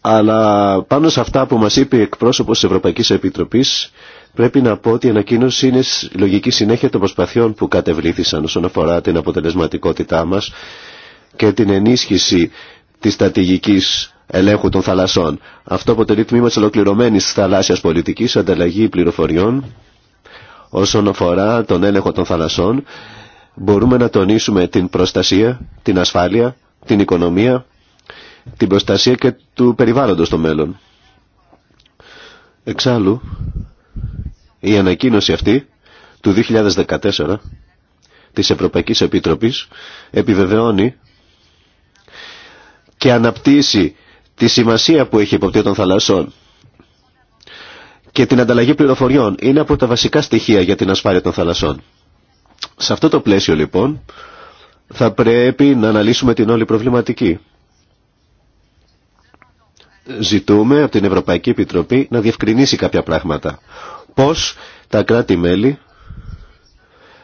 αλλά πάνω σε αυτά που μας είπε η εκπρόσωπος της Ευρωπαϊκής Επιτροπής Πρέπει να πω ότι η ανακοίνωση είναι λογική συνέχεια των προσπαθειών που κατεβλήθησαν όσον αφορά την αποτελεσματικότητά μας και την ενίσχυση της στρατηγικής ελέγχου των θαλασσών. Αυτό αποτελεί τμήμα της ολοκληρωμένης θαλάσσιας πολιτικής, ανταλλαγή πληροφοριών όσον αφορά τον έλεγχο των θαλασσών. Μπορούμε να τονίσουμε την προστασία, την ασφάλεια, την οικονομία, την προστασία και του περιβάλλοντος στο μέλλον. Εξάλλου, η ανακοίνωση αυτή του 2014 της Ευρωπαϊκής Επιτροπής επιβεβαιώνει και αναπτύσσει τη σημασία που έχει η των θαλασσών και την ανταλλαγή πληροφοριών είναι από τα βασικά στοιχεία για την ασφάλεια των θαλασσών. Σε αυτό το πλαίσιο λοιπόν θα πρέπει να αναλύσουμε την όλη προβληματική. Ζητούμε από την Ευρωπαϊκή Επιτροπή να διευκρινίσει κάποια πράγματα πώς τα κράτη-μέλη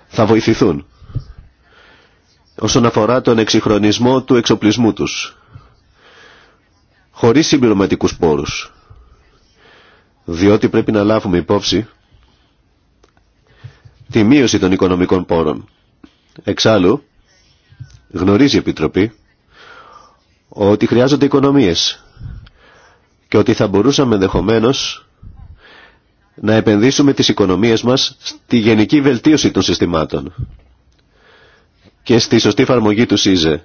θα βοηθηθούν όσον αφορά τον εξυγχρονισμό του εξοπλισμού τους χωρίς συμπληρωματικούς πόρους διότι πρέπει να λάβουμε υπόψη τη μείωση των οικονομικών πόρων. Εξάλλου, γνωρίζει η Επιτροπή ότι χρειάζονται οικονομίες και ότι θα μπορούσαμε ενδεχομένω να επενδύσουμε τις οικονομίες μας στη γενική βελτίωση των συστημάτων και στη σωστή εφαρμογή του ΣΥΖΕ.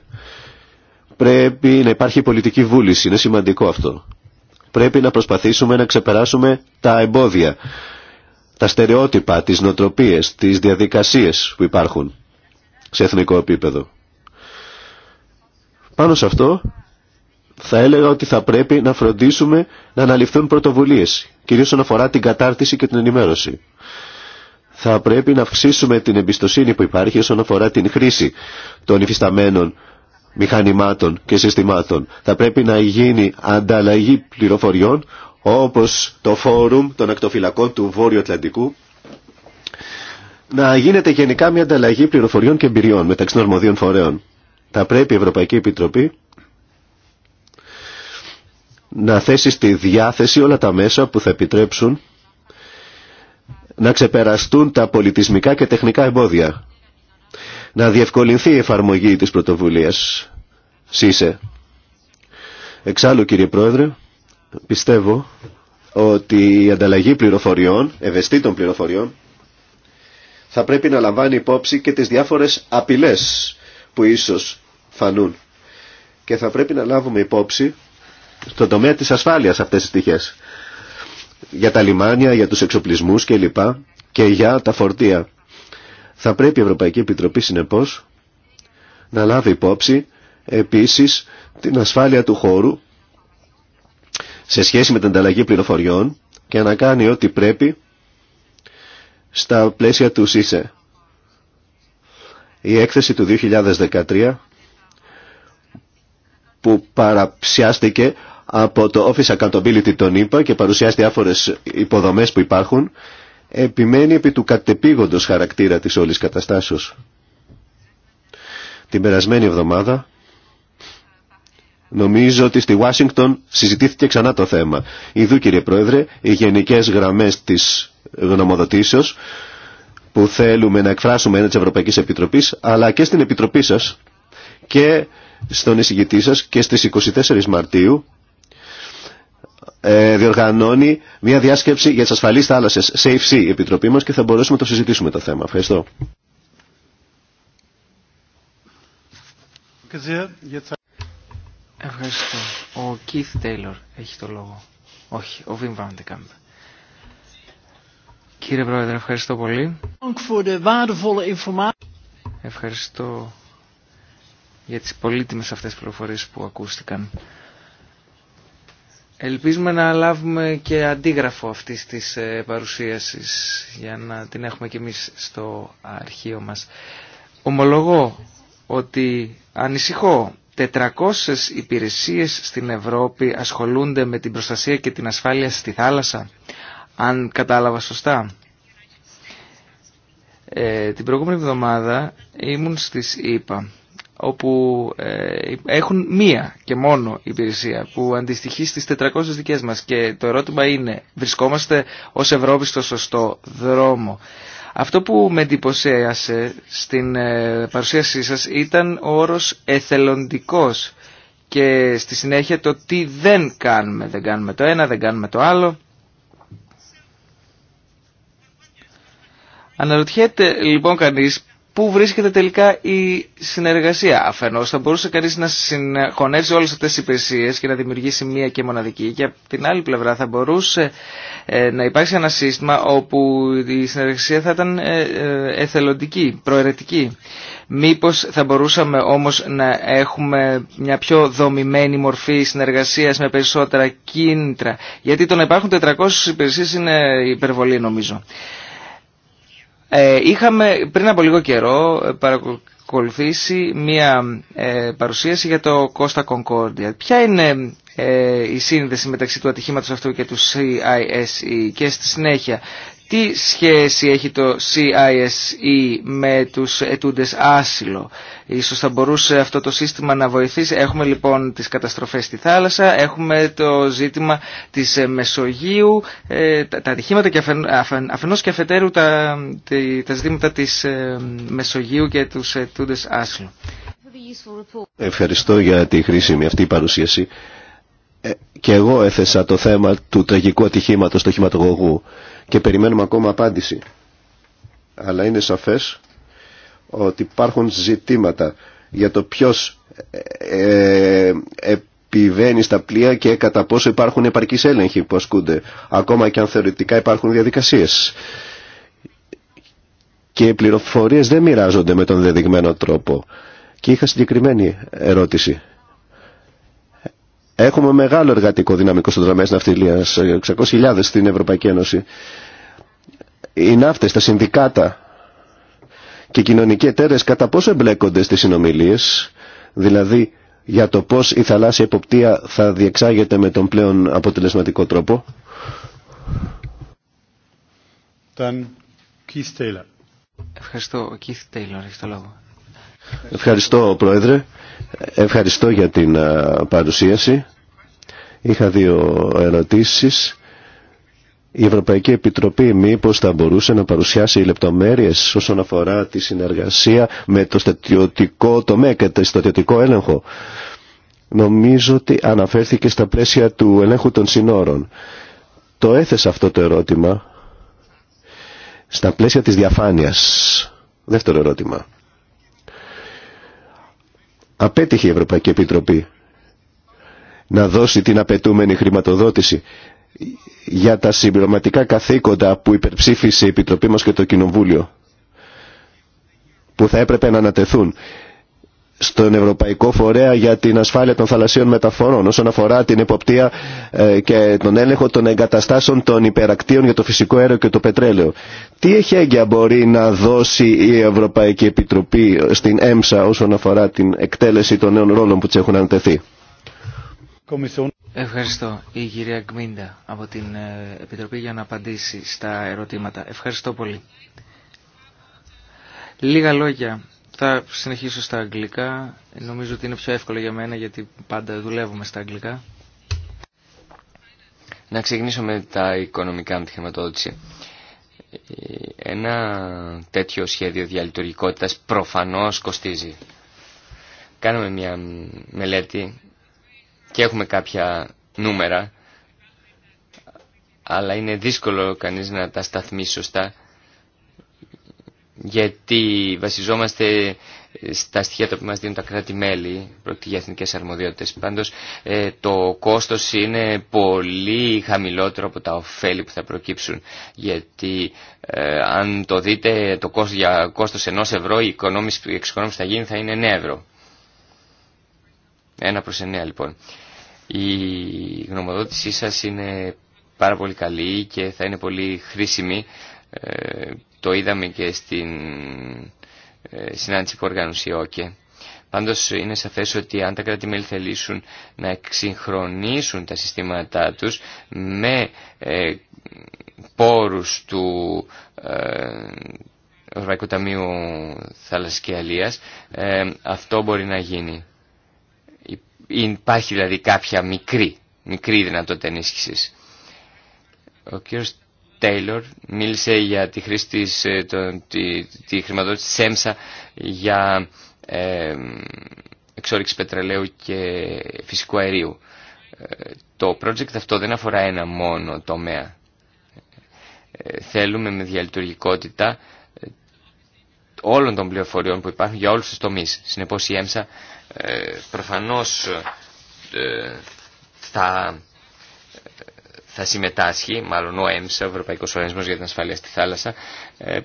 Πρέπει να υπάρχει πολιτική βούληση, είναι σημαντικό αυτό. Πρέπει να προσπαθήσουμε να ξεπεράσουμε τα εμπόδια, τα στερεότυπα, τις νοτροπίες, τις διαδικασίες που υπάρχουν σε εθνικό επίπεδο. Πάνω σε αυτό θα έλεγα ότι θα πρέπει να φροντίσουμε να αναλυφθούν πρωτοβουλίες, κυρίως όσον αφορά την κατάρτιση και την ενημέρωση. Θα πρέπει να αυξήσουμε την εμπιστοσύνη που υπάρχει όσον αφορά την χρήση των υφισταμένων μηχανημάτων και συστημάτων. Θα πρέπει να γίνει ανταλλαγή πληροφοριών όπως το Φόρουμ των Ακτοφυλακών του Βόρειου Ατλαντικού να γίνεται γενικά μια ανταλλαγή πληροφοριών και εμπειριών μεταξύ των αρμοδίων φορέων. Θα πρέπει η Ευρωπαϊκή Επιτροπή να θέσει στη διάθεση όλα τα μέσα που θα επιτρέψουν να ξεπεραστούν τα πολιτισμικά και τεχνικά εμπόδια. Να διευκολυνθεί η εφαρμογή της πρωτοβουλίας. ΣΥΣΕ. Εξάλλου κύριε Πρόεδρε, πιστεύω ότι η ανταλλαγή πληροφοριών, των πληροφοριών, θα πρέπει να λαμβάνει υπόψη και τις διάφορες απειλές που ίσως φανούν. Και θα πρέπει να λάβουμε υπόψη στον τομέα της ασφάλειας αυτές τις πτυχές. Για τα λιμάνια, για τους εξοπλισμούς κλπ. και για τα φορτία. Θα πρέπει η Ευρωπαϊκή Επιτροπή συνεπώς να λάβει υπόψη επίσης την ασφάλεια του χώρου σε σχέση με την ανταλλαγή πληροφοριών και να κάνει ό,τι πρέπει στα πλαίσια του ΣΥΣΕ. Η έκθεση του 2013 που παραψιάστηκε από το Office Accountability των ΗΠΑ και παρουσιάζει διάφορες υποδομές που υπάρχουν, επιμένει επί του κατεπήγοντος χαρακτήρα της όλης καταστάσεως. Την περασμένη εβδομάδα, νομίζω ότι στη Ουάσιγκτον συζητήθηκε ξανά το θέμα. Ιδού κύριε Πρόεδρε, οι γενικές γραμμές της γνωμοδοτήσεως που θέλουμε να εκφράσουμε ένα της Ευρωπαϊκής Επιτροπής, αλλά και στην Επιτροπή σας και στον εισηγητή σας και στις 24 Μαρτίου ε, διοργανώνει μια διάσκεψη για τις ασφαλείς θάλασσες, Safe Sea, η Επιτροπή μας και θα μπορέσουμε να το συζητήσουμε το θέμα. Ευχαριστώ. Ευχαριστώ. Ο Keith Taylor έχει το λόγο. Όχι, ο Βιμ Βάντεκαμπ. Κύριε Πρόεδρε, ευχαριστώ πολύ. Ευχαριστώ για τις πολύτιμες αυτές πληροφορίες που ακούστηκαν. Ελπίζουμε να λάβουμε και αντίγραφο αυτής της ε, παρουσίασης για να την έχουμε και εμείς στο αρχείο μας. Ομολογώ ότι ανησυχώ 400 υπηρεσίες στην Ευρώπη ασχολούνται με την προστασία και την ασφάλεια στη θάλασσα, αν κατάλαβα σωστά. Ε, την προηγούμενη εβδομάδα ήμουν στις ΙΠΑ όπου ε, έχουν μία και μόνο υπηρεσία που αντιστοιχεί στις 400 δικές μας και το ερώτημα είναι βρισκόμαστε ως Ευρώπη στο σωστό δρόμο. Αυτό που με εντυπωσίασε στην ε, παρουσίασή σας ήταν ο όρος εθελοντικός και στη συνέχεια το τι δεν κάνουμε. Δεν κάνουμε το ένα, δεν κάνουμε το άλλο. Αναρωτιέται λοιπόν κανείς πού βρίσκεται τελικά η συνεργασία. Αφενό, θα μπορούσε κανεί να συγχωνεύσει όλε αυτέ τι υπηρεσίε και να δημιουργήσει μία και μοναδική. Και από την άλλη πλευρά, θα μπορούσε ε, να υπάρξει ένα σύστημα όπου η συνεργασία θα ήταν ε, ε, εθελοντική, προαιρετική. Μήπως θα μπορούσαμε όμως να έχουμε μια πιο δομημένη μορφή συνεργασίας με περισσότερα κίνητρα. Γιατί το να υπάρχουν 400 υπηρεσίες είναι υπερβολή νομίζω. Ε, είχαμε πριν από λίγο καιρό παρακολουθήσει μία ε, παρουσίαση για το Costa Concordia. Ποια είναι ε, η σύνδεση μεταξύ του ατυχήματος αυτού και του CISE και στη συνέχεια τι σχέση έχει το CISE με τους ετούντες άσυλο. Ίσως θα μπορούσε αυτό το σύστημα να βοηθήσει. Έχουμε λοιπόν τις καταστροφές στη θάλασσα, έχουμε το ζήτημα της ε, Μεσογείου, ε, τα ατυχήματα και αφενός και αφετέρου τα, τα ζητήματα της ε, Μεσογείου και τους ετούντες άσυλο. Ευχαριστώ για τη χρήσιμη αυτή η παρουσίαση. και εγώ έθεσα το θέμα του τραγικού ατυχήματος του και περιμένουμε ακόμα απάντηση. Αλλά είναι σαφές ότι υπάρχουν ζητήματα για το ποιος ε, ε, επιβαίνει στα πλοία και κατά πόσο υπάρχουν επαρκείς έλεγχοι που ασκούνται, ακόμα και αν θεωρητικά υπάρχουν διαδικασίες. Και οι πληροφορίες δεν μοιράζονται με τον δεδειγμένο τρόπο. Και είχα συγκεκριμένη ερώτηση. Έχουμε μεγάλο εργατικό δυναμικό στον τομέα ναυτιλίας, 600.000 ε, στην Ευρωπαϊκή Ένωση. Οι ναύτες, τα συνδικάτα και οι κοινωνικοί εταίρες κατά πόσο εμπλέκονται στις συνομιλίες, δηλαδή για το πώς η θαλάσσια εποπτεία θα διεξάγεται με τον πλέον αποτελεσματικό τρόπο. Ευχαριστώ, Keith το λόγο. Ευχαριστώ, Πρόεδρε. Ευχαριστώ για την παρουσίαση. Είχα δύο ερωτήσεις. Η Ευρωπαϊκή Επιτροπή μήπως θα μπορούσε να παρουσιάσει λεπτομέρειες όσον αφορά τη συνεργασία με το στατιωτικό τομέα και το στατιωτικό έλεγχο. Νομίζω ότι αναφέρθηκε στα πλαίσια του ελέγχου των συνόρων. Το έθεσα αυτό το ερώτημα στα πλαίσια της διαφάνειας. Δεύτερο ερώτημα. Απέτυχε η Ευρωπαϊκή Επιτροπή να δώσει την απαιτούμενη χρηματοδότηση για τα συμπληρωματικά καθήκοντα που υπερψήφισε η Επιτροπή μας και το Κοινοβούλιο που θα έπρεπε να ανατεθούν στον Ευρωπαϊκό Φορέα για την ασφάλεια των θαλασσίων μεταφορών όσον αφορά την εποπτεία ε, και τον έλεγχο των εγκαταστάσεων των υπερακτίων για το φυσικό αέριο και το πετρέλαιο. Τι εχέγγυα μπορεί να δώσει η Ευρωπαϊκή Επιτροπή στην ΕΜΣΑ όσον αφορά την εκτέλεση των νέων ρόλων που της έχουν αντεθεί. Ευχαριστώ η κυρία Γκμίντα από την ε, Επιτροπή για να απαντήσει στα ερωτήματα. Ευχαριστώ πολύ. Λίγα λόγια θα συνεχίσω στα αγγλικά. Νομίζω ότι είναι πιο εύκολο για μένα γιατί πάντα δουλεύουμε στα αγγλικά. Να ξεκινήσω με τα οικονομικά με τη χρηματοδότηση. Ένα τέτοιο σχέδιο διαλειτουργικότητας προφανώς κοστίζει. Κάναμε μια μελέτη και έχουμε κάποια νούμερα, αλλά είναι δύσκολο κανείς να τα σταθμίσει σωστά γιατί βασιζόμαστε στα στοιχεία τα που μας δίνουν τα κράτη-μέλη, πρόκειται για εθνικές αρμοδιότητες. Πάντως ε, το κόστος είναι πολύ χαμηλότερο από τα ωφέλη που θα προκύψουν, γιατί ε, αν το δείτε το κόστος, για κόστος ενός ευρώ η εξοικονόμηση που θα γίνει θα είναι 9 ευρώ. Ένα προς 9 λοιπόν. Η γνωμοδότησή σας είναι πάρα πολύ καλή και θα είναι πολύ χρήσιμη το είδαμε και στην ε, συνάντηση που οργάνωσε η ΟΚΕ. Πάντως είναι σαφές ότι αν τα κράτη-μέλη θελήσουν να εξυγχρονίσουν τα συστήματά τους με ε, πόρους του ε, Ευρωπαϊκού Ταμείου ε, αυτό μπορεί να γίνει. Υπάρχει δηλαδή κάποια μικρή, μικρή δυνατότητα ενίσχυσης. Ο κύριος Τέιλορ μίλησε για τη χρήση της, ε, τη, τη χρηματοδότηση της ΕΜΣΑ για ε, εξόριξη πετρελαίου και φυσικού αερίου. Ε, το project αυτό δεν αφορά ένα μόνο τομέα. Ε, θέλουμε με διαλειτουργικότητα όλων των πληροφοριών που υπάρχουν για όλους τους τομείς. Συνεπώς η ΕΜΣΑ προφανώς θα θα συμμετάσχει, μάλλον ο ΕΜΣΑ, ο Ευρωπαϊκός Οργανισμός για την Ασφαλεία στη Θάλασσα, ε,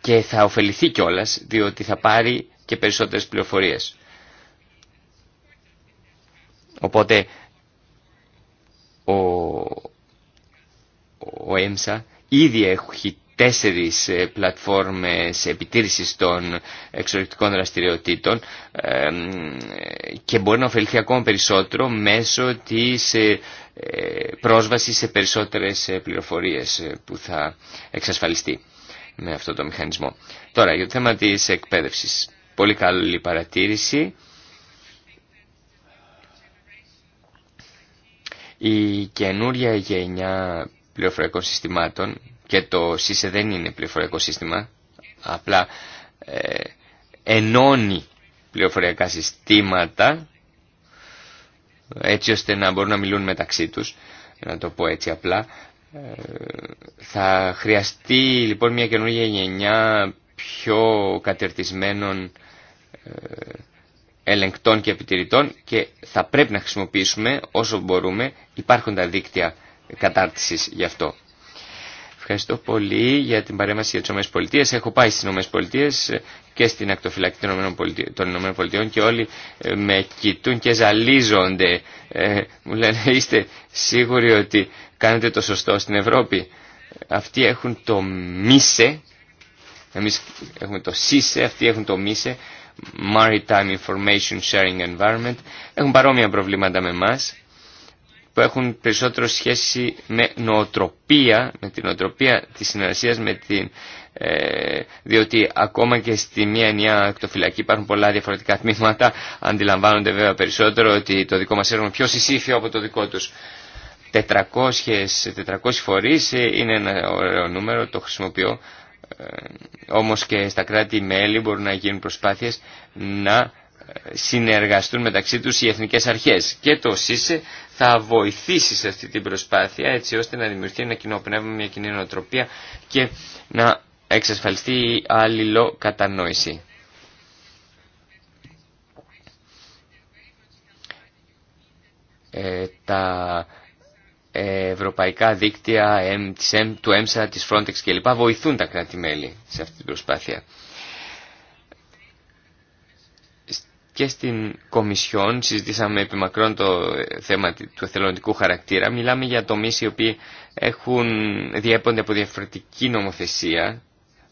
και θα ωφεληθεί κιόλα, διότι θα πάρει και περισσότερες πληροφορίες. Οπότε, ο, ο ΕΜΣΑ ήδη έχει τέσσερις ε, πλατφόρμες επιτήρησης των εξορρυκτικών δραστηριοτήτων και μπορεί να ωφεληθεί ακόμα περισσότερο μέσω της ε, ε, πρόσβασης σε περισσότερες πληροφορίες που θα εξασφαλιστεί με αυτό το μηχανισμό. Τώρα, για το θέμα της εκπαίδευσης. Πολύ καλή παρατήρηση. Η καινούρια γενιά πληροφοριακών συστημάτων και το ΣΥΣΕ e δεν είναι πληροφοριακό σύστημα, απλά ε, ενώνει πληροφοριακά συστήματα έτσι ώστε να μπορούν να μιλούν μεταξύ τους, να το πω έτσι απλά. Ε, θα χρειαστεί λοιπόν μια καινούργια γενιά πιο κατερτισμένων ε, ελεγκτών και επιτηρητών και θα πρέπει να χρησιμοποιήσουμε όσο μπορούμε υπάρχουν τα δίκτυα κατάρτισης γι' αυτό. Ευχαριστώ πολύ για την παρέμβαση για τις ΗΠΑ. Έχω πάει στις ΗΠΑ και στην ακτοφυλακή των ΗΠΑ και όλοι ε, με κοιτούν και ζαλίζονται. Ε, μου λένε είστε σίγουροι ότι κάνετε το σωστό στην Ευρώπη. Αυτοί έχουν το μίσε, εμεί έχουμε το ΣΥΣΕ, αυτοί έχουν το μίσε, Maritime Information Sharing Environment, έχουν παρόμοια προβλήματα με εμά που έχουν περισσότερο σχέση με νοοτροπία, με την νοοτροπία της συνεργασίας, με την, ε, διότι ακόμα και στη μία ενιαία ακτοφυλακή υπάρχουν πολλά διαφορετικά τμήματα, αντιλαμβάνονται βέβαια περισσότερο ότι το δικό μας έργο είναι πιο συσήφιο από το δικό τους. 400, 400 φορείς είναι ένα ωραίο νούμερο, το χρησιμοποιώ, ε, όμως και στα κράτη-μέλη μπορούν να γίνουν προσπάθειες να συνεργαστούν μεταξύ τους οι εθνικές αρχές. Και το ΣΥΣΕ θα βοηθήσει σε αυτή την προσπάθεια έτσι ώστε να δημιουργηθεί ένα κοινό πνεύμα, μια κοινή νοοτροπία και να εξασφαλιστεί η αλληλοκατανόηση. Ε, τα ευρωπαϊκά δίκτυα του ΕΜΣΑ, της Frontex κλπ. βοηθούν τα κράτη-μέλη σε αυτή την προσπάθεια. και στην Κομισιόν συζητήσαμε επιμακρών το ε, θέμα του εθελοντικού χαρακτήρα. Μιλάμε για τομεί οι οποίοι έχουν, διέπονται από διαφορετική νομοθεσία,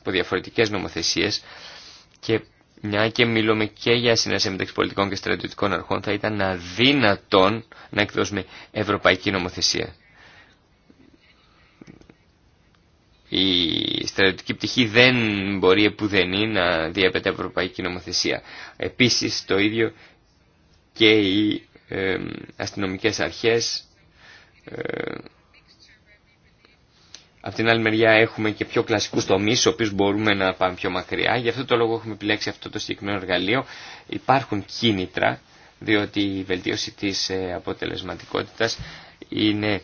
από διαφορετικές νομοθεσίες και μια και μιλούμε και για συνέντευξη μεταξύ πολιτικών και στρατιωτικών αρχών θα ήταν αδύνατον να εκδώσουμε ευρωπαϊκή νομοθεσία. η στρατιωτική πτυχή δεν μπορεί επουδενή να διέπεται ευρωπαϊκή νομοθεσία. Επίσης το ίδιο και οι ε, αστυνομικές αρχές. Απ' την άλλη μεριά έχουμε και πιο κλασικούς τομείς, ο οποίους μπορούμε να πάμε πιο μακριά. Γι' αυτό το λόγο έχουμε επιλέξει αυτό το συγκεκριμένο εργαλείο. Υπάρχουν κίνητρα, διότι η βελτίωση της ε, αποτελεσματικότητας είναι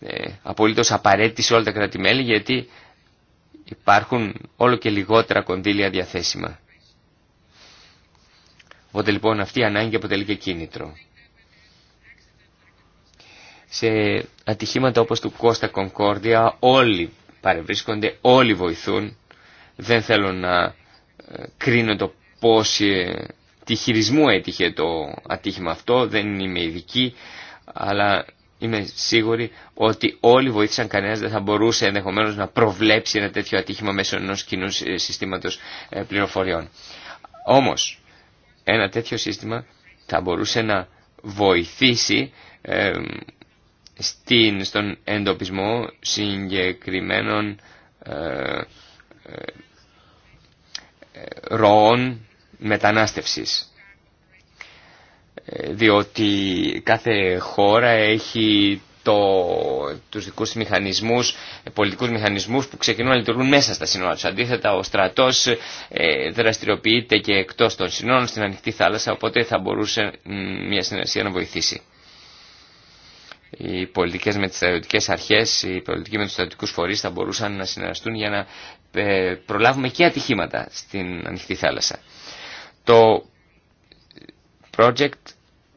ε, απολύτως απαραίτητη σε όλα τα κράτη-μέλη, γιατί υπάρχουν όλο και λιγότερα κονδύλια διαθέσιμα. Οπότε λοιπόν αυτή η ανάγκη αποτελεί και κίνητρο. Σε ατυχήματα όπως του Κώστα Κονκόρδια όλοι παρευρίσκονται, όλοι βοηθούν. Δεν θέλω να ε, κρίνω το πώς ε, τη χειρισμού έτυχε το ατύχημα αυτό, δεν είμαι ειδική, αλλά είμαι σίγουρη ότι όλοι βοήθησαν, κανένας δεν θα μπορούσε ενδεχομένως να προβλέψει ένα τέτοιο ατύχημα μέσω ενός κοινού συστήματος ε, πληροφοριών. Όμως, ένα τέτοιο σύστημα θα μπορούσε να βοηθήσει στην, στον εντοπισμό συγκεκριμένων ε, ε, ροών μετανάστευσης διότι κάθε χώρα έχει το, τους δικούς μηχανισμούς, πολιτικούς μηχανισμούς που ξεκινούν να λειτουργούν μέσα στα σύνορα τους. Αντίθετα, ο στρατός ε, δραστηριοποιείται και εκτός των σύνορων στην ανοιχτή θάλασσα, οπότε θα μπορούσε μια συνεργασία να βοηθήσει. Οι πολιτικές με τις στρατιωτικές αρχές, οι πολιτικοί με τους στρατιωτικούς φορείς θα μπορούσαν να συνεργαστούν για να ε, προλάβουμε και ατυχήματα στην ανοιχτή θάλασσα. Το project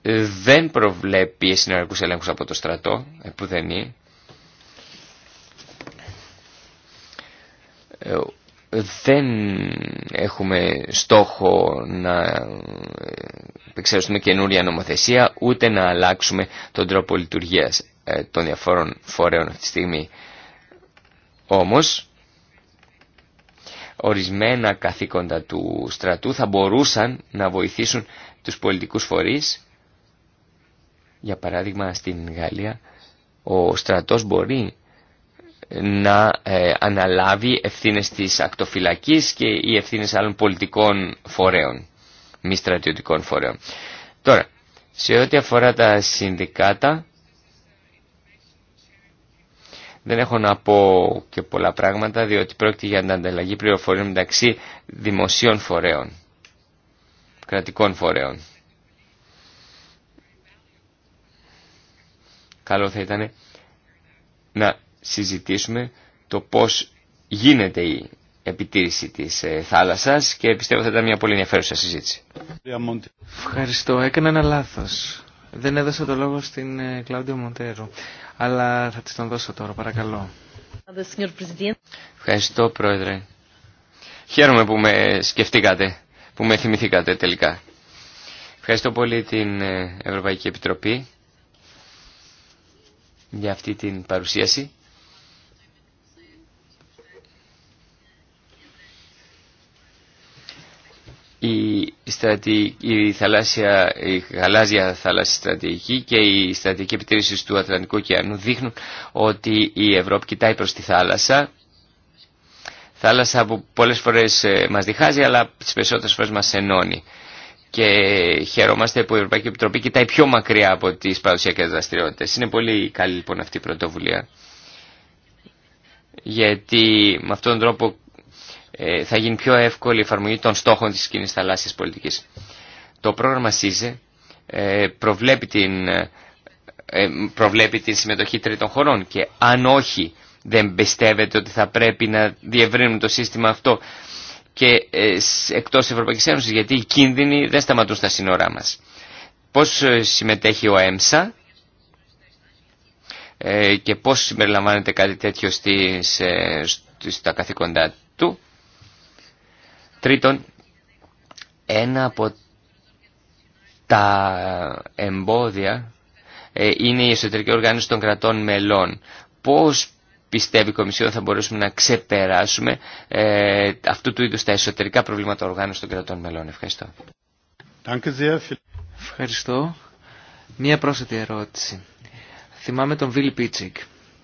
ε, δεν προβλέπει συνεργούς ελέγχους από το στρατό, ε, που ε, Δεν έχουμε στόχο να εξαιρεστούμε καινούρια νομοθεσία, ούτε να αλλάξουμε τον τρόπο λειτουργίας των διαφόρων φορέων αυτή τη στιγμή. Όμως, ορισμένα καθήκοντα του στρατού θα μπορούσαν να βοηθήσουν τους πολιτικούς φορείς. Για παράδειγμα στην Γαλλία ο στρατός μπορεί να ε, αναλάβει ευθύνες της ακτοφυλακής και οι ευθύνες άλλων πολιτικών φορέων, μη στρατιωτικών φορέων. Τώρα, σε ό,τι αφορά τα συνδικάτα, δεν έχω να πω και πολλά πράγματα, διότι πρόκειται για την ανταλλαγή πληροφοριών μεταξύ δημοσίων φορέων κρατικών φορέων. Καλό θα ήταν να συζητήσουμε το πώς γίνεται η επιτήρηση της ε, θάλασσας και πιστεύω θα ήταν μια πολύ ενδιαφέρουσα συζήτηση. Ευχαριστώ. Έκανα ένα λάθος. Δεν έδωσα το λόγο στην ε, Κλάουντιο Μοντέρο, αλλά θα της τον δώσω τώρα, παρακαλώ. Ευχαριστώ, Πρόεδρε. Χαίρομαι που με σκεφτήκατε που με θυμηθήκατε τελικά. Ευχαριστώ πολύ την ε, Ευρωπαϊκή Επιτροπή για αυτή την παρουσίαση. Η, στρατη, η, θαλάσσια, η γαλάζια θαλάσσια στρατηγική και η στρατηγική επιτήρηση του Ατλαντικού ωκεανού δείχνουν ότι η Ευρώπη κοιτάει προς τη θάλασσα θάλασσα που πολλές φορές ε, μας διχάζει αλλά τις περισσότερες φορές μας ενώνει. Και χαιρόμαστε που η Ευρωπαϊκή Επιτροπή κοιτάει πιο μακριά από τις παραδοσιακές δραστηριότητες. Είναι πολύ καλή λοιπόν αυτή η πρωτοβουλία. Γιατί με αυτόν τον τρόπο ε, θα γίνει πιο εύκολη η εφαρμογή των στόχων της κοινή θαλάσσιας πολιτικής. Το πρόγραμμα ΣΥΖΕ ε, προβλέπει την, προβλέπει την συμμετοχή τρίτων χωρών και αν όχι δεν πιστεύετε ότι θα πρέπει να διευρύνουν το σύστημα αυτό και ε, εκτός Ευρωπαϊκής Ένωσης γιατί οι κίνδυνοι δεν σταματούν στα σύνορά μας. Πώς ε, συμμετέχει ο ΕΜΣΑ ε, και πώς συμπεριλαμβάνεται κάτι τέτοιο στις, στα καθήκοντά του. Τρίτον, ένα από τα εμπόδια είναι η εσωτερική οργάνωση των κρατών μελών. Πώς πιστεύει η Κομισιόν θα μπορέσουμε να ξεπεράσουμε ε, αυτού του είδους τα εσωτερικά προβλήματα οργάνωσης των κρατών μελών. Ευχαριστώ. Ευχαριστώ. Μία πρόσθετη ερώτηση. Θυμάμαι τον Βίλι Πίτσικ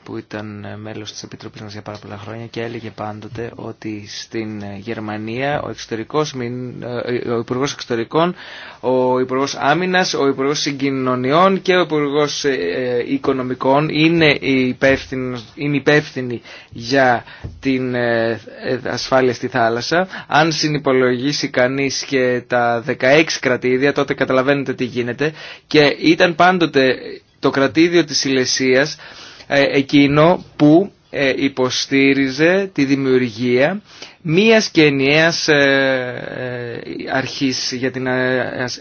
που ήταν μέλος της Επιτροπής μας για πάρα πολλά χρόνια και έλεγε πάντοτε ότι στην Γερμανία ο, εξωτερικός, ε, ο Υπουργός Εξωτερικών, ο Υπουργός Άμυνας, ο Υπουργός Συγκοινωνιών και ο Υπουργός ε, ε, Οικονομικών είναι υπεύθυνοι, είναι υπεύθυνοι για την ασφάλεια στη θάλασσα. Αν συνυπολογίσει κανείς και τα 16 κρατήδια τότε καταλαβαίνετε τι γίνεται και ήταν πάντοτε το κρατήδιο της Ηλεσίας ε, εκείνο που ε, υποστήριζε τη δημιουργία μίας και ενιαίας ε, αρχής για την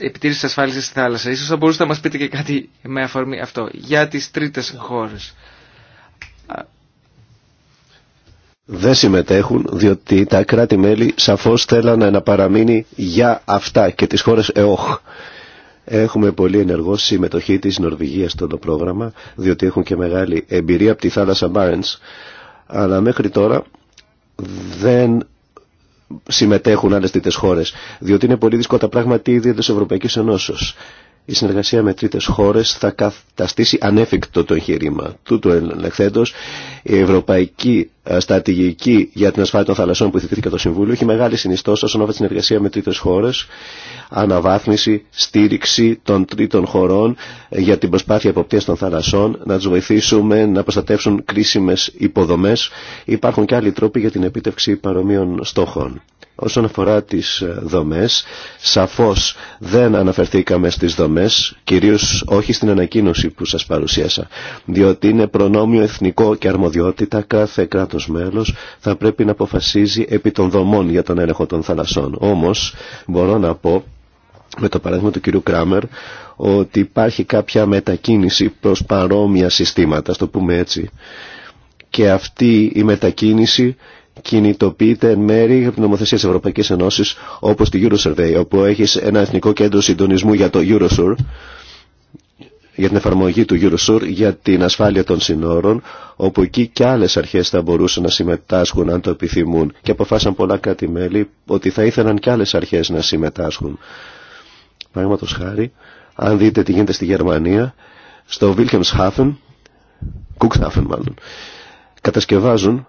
επιτήρηση της ασφάλισης στη θάλασσα. Ίσως θα μπορούσατε να μας πείτε και κάτι με αφορμή αυτό. Για τις τρίτες χώρες. Δεν συμμετέχουν διότι τα κράτη-μέλη σαφώς θέλανε να παραμείνει για αυτά και τις χώρες ΕΟΧ. Έχουμε πολύ ενεργό συμμετοχή της Νορβηγίας στο το πρόγραμμα, διότι έχουν και μεγάλη εμπειρία από τη θάλασσα Μπάρεντς, αλλά μέχρι τώρα δεν συμμετέχουν άλλες τρίτες χώρες, διότι είναι πολύ δύσκολα τα πράγματα ήδη της Ευρωπαϊκής Ενώσεως. Η συνεργασία με τρίτες χώρες θα καταστήσει ανέφικτο το εγχείρημα. Τούτο ελεγχθέντος η Ευρωπαϊκή ε, στρατηγική για την ασφάλεια των θαλασσών που θετήθηκε το Συμβούλιο έχει μεγάλη συνιστόσα όσον αφορά τη συνεργασία με τρίτες χώρες, αναβάθμιση, στήριξη των τρίτων χωρών ε, για την προσπάθεια εποπτείας των θαλασσών, να τους βοηθήσουμε να προστατεύσουν κρίσιμες υποδομές. Υπάρχουν και άλλοι τρόποι για την επίτευξη παρομοίων στόχων. Όσον αφορά τις ε, δομές, σαφώς δεν αναφερθήκαμε στις δομές, κυρίως όχι στην ανακοίνωση που σας παρουσίασα, διότι είναι προνόμιο εθνικό και αρμοδιότητα κάθε κράτο κράτος μέλος θα πρέπει να αποφασίζει επί των δομών για τον έλεγχο των θαλασσών. Όμως μπορώ να πω με το παράδειγμα του κυρίου Κράμερ ότι υπάρχει κάποια μετακίνηση προς παρόμοια συστήματα, το πούμε έτσι. Και αυτή η μετακίνηση κινητοποιείται μέρη από την νομοθεσία της Ευρωπαϊκής Ενώσης όπως τη Eurosurvey, όπου έχεις ένα εθνικό κέντρο συντονισμού για το Eurosur για την εφαρμογή του Eurosur για την ασφάλεια των συνόρων, όπου εκεί και άλλες αρχές θα μπορούσαν να συμμετάσχουν αν το επιθυμούν και αποφάσισαν πολλά κράτη-μέλη ότι θα ήθελαν και άλλες αρχές να συμμετάσχουν. Παραδείγματο χάρη, αν δείτε τι γίνεται στη Γερμανία, στο Wilhelmshaven, Cuxhaven μάλλον, κατασκευάζουν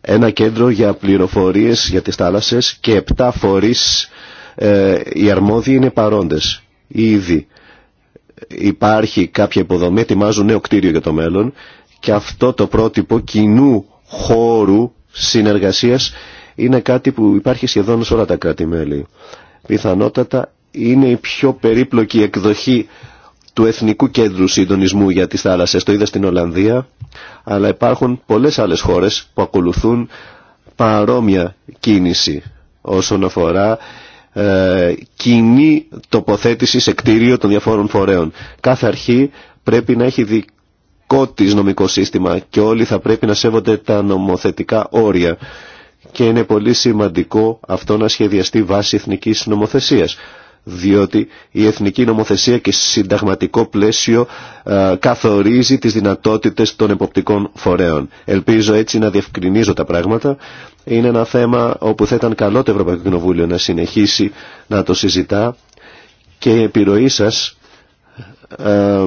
ένα κέντρο για πληροφορίες για τις θάλασσες και 7 φορείς ε, οι αρμόδιοι είναι παρόντες ήδη υπάρχει κάποια υποδομή, ετοιμάζουν νέο κτίριο για το μέλλον και αυτό το πρότυπο κοινού χώρου συνεργασίας είναι κάτι που υπάρχει σχεδόν σε όλα τα κράτη-μέλη. Πιθανότατα είναι η πιο περίπλοκη εκδοχή του Εθνικού Κέντρου Συντονισμού για τις θάλασσες. Το είδα στην Ολλανδία, αλλά υπάρχουν πολλές άλλες χώρες που ακολουθούν παρόμοια κίνηση όσον αφορά ε, κοινή τοποθέτηση σε κτίριο των διαφόρων φορέων. Κάθε αρχή πρέπει να έχει δικό της νομικό σύστημα και όλοι θα πρέπει να σέβονται τα νομοθετικά όρια. Και είναι πολύ σημαντικό αυτό να σχεδιαστεί βάση εθνικής νομοθεσίας διότι η εθνική νομοθεσία και συνταγματικό πλαίσιο ε, καθορίζει τις δυνατότητες των εποπτικών φορέων. Ελπίζω έτσι να διευκρινίζω τα πράγματα. Είναι ένα θέμα όπου θα ήταν καλό το Ευρωπαϊκό Κοινοβούλιο να συνεχίσει να το συζητά και η επιρροή σας ε,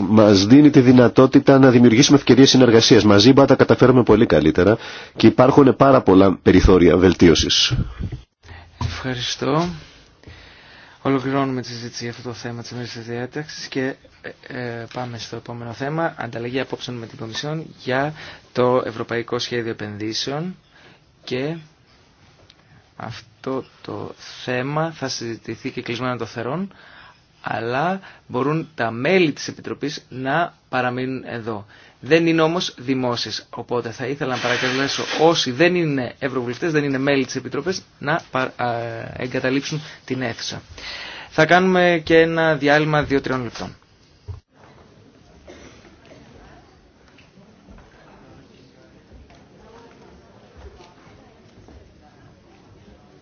μας δίνει τη δυνατότητα να δημιουργήσουμε ευκαιρίες συνεργασίας. Μαζί τα καταφέρουμε πολύ καλύτερα και υπάρχουν πάρα πολλά περιθώρια βελτίωσης. Ευχαριστώ. Ολοκληρώνουμε τη συζήτηση για αυτό το θέμα της ενέργεια διάταξη και ε, ε, πάμε στο επόμενο θέμα, ανταλλαγή απόψεων με την Κομισιόν για το Ευρωπαϊκό Σχέδιο Επενδύσεων και αυτό το θέμα θα συζητηθεί και κλεισμένο των θερών, αλλά μπορούν τα μέλη της Επιτροπής να παραμείνουν εδώ. Δεν είναι όμως δημόσιες. Οπότε θα ήθελα να παρακαλέσω όσοι δεν είναι ευρωβουλευτέ, δεν είναι μέλη της Επιτροπής, να εγκαταλείψουν την αίθουσα. Θα κάνουμε και ένα διάλειμμα 2-3 λεπτών.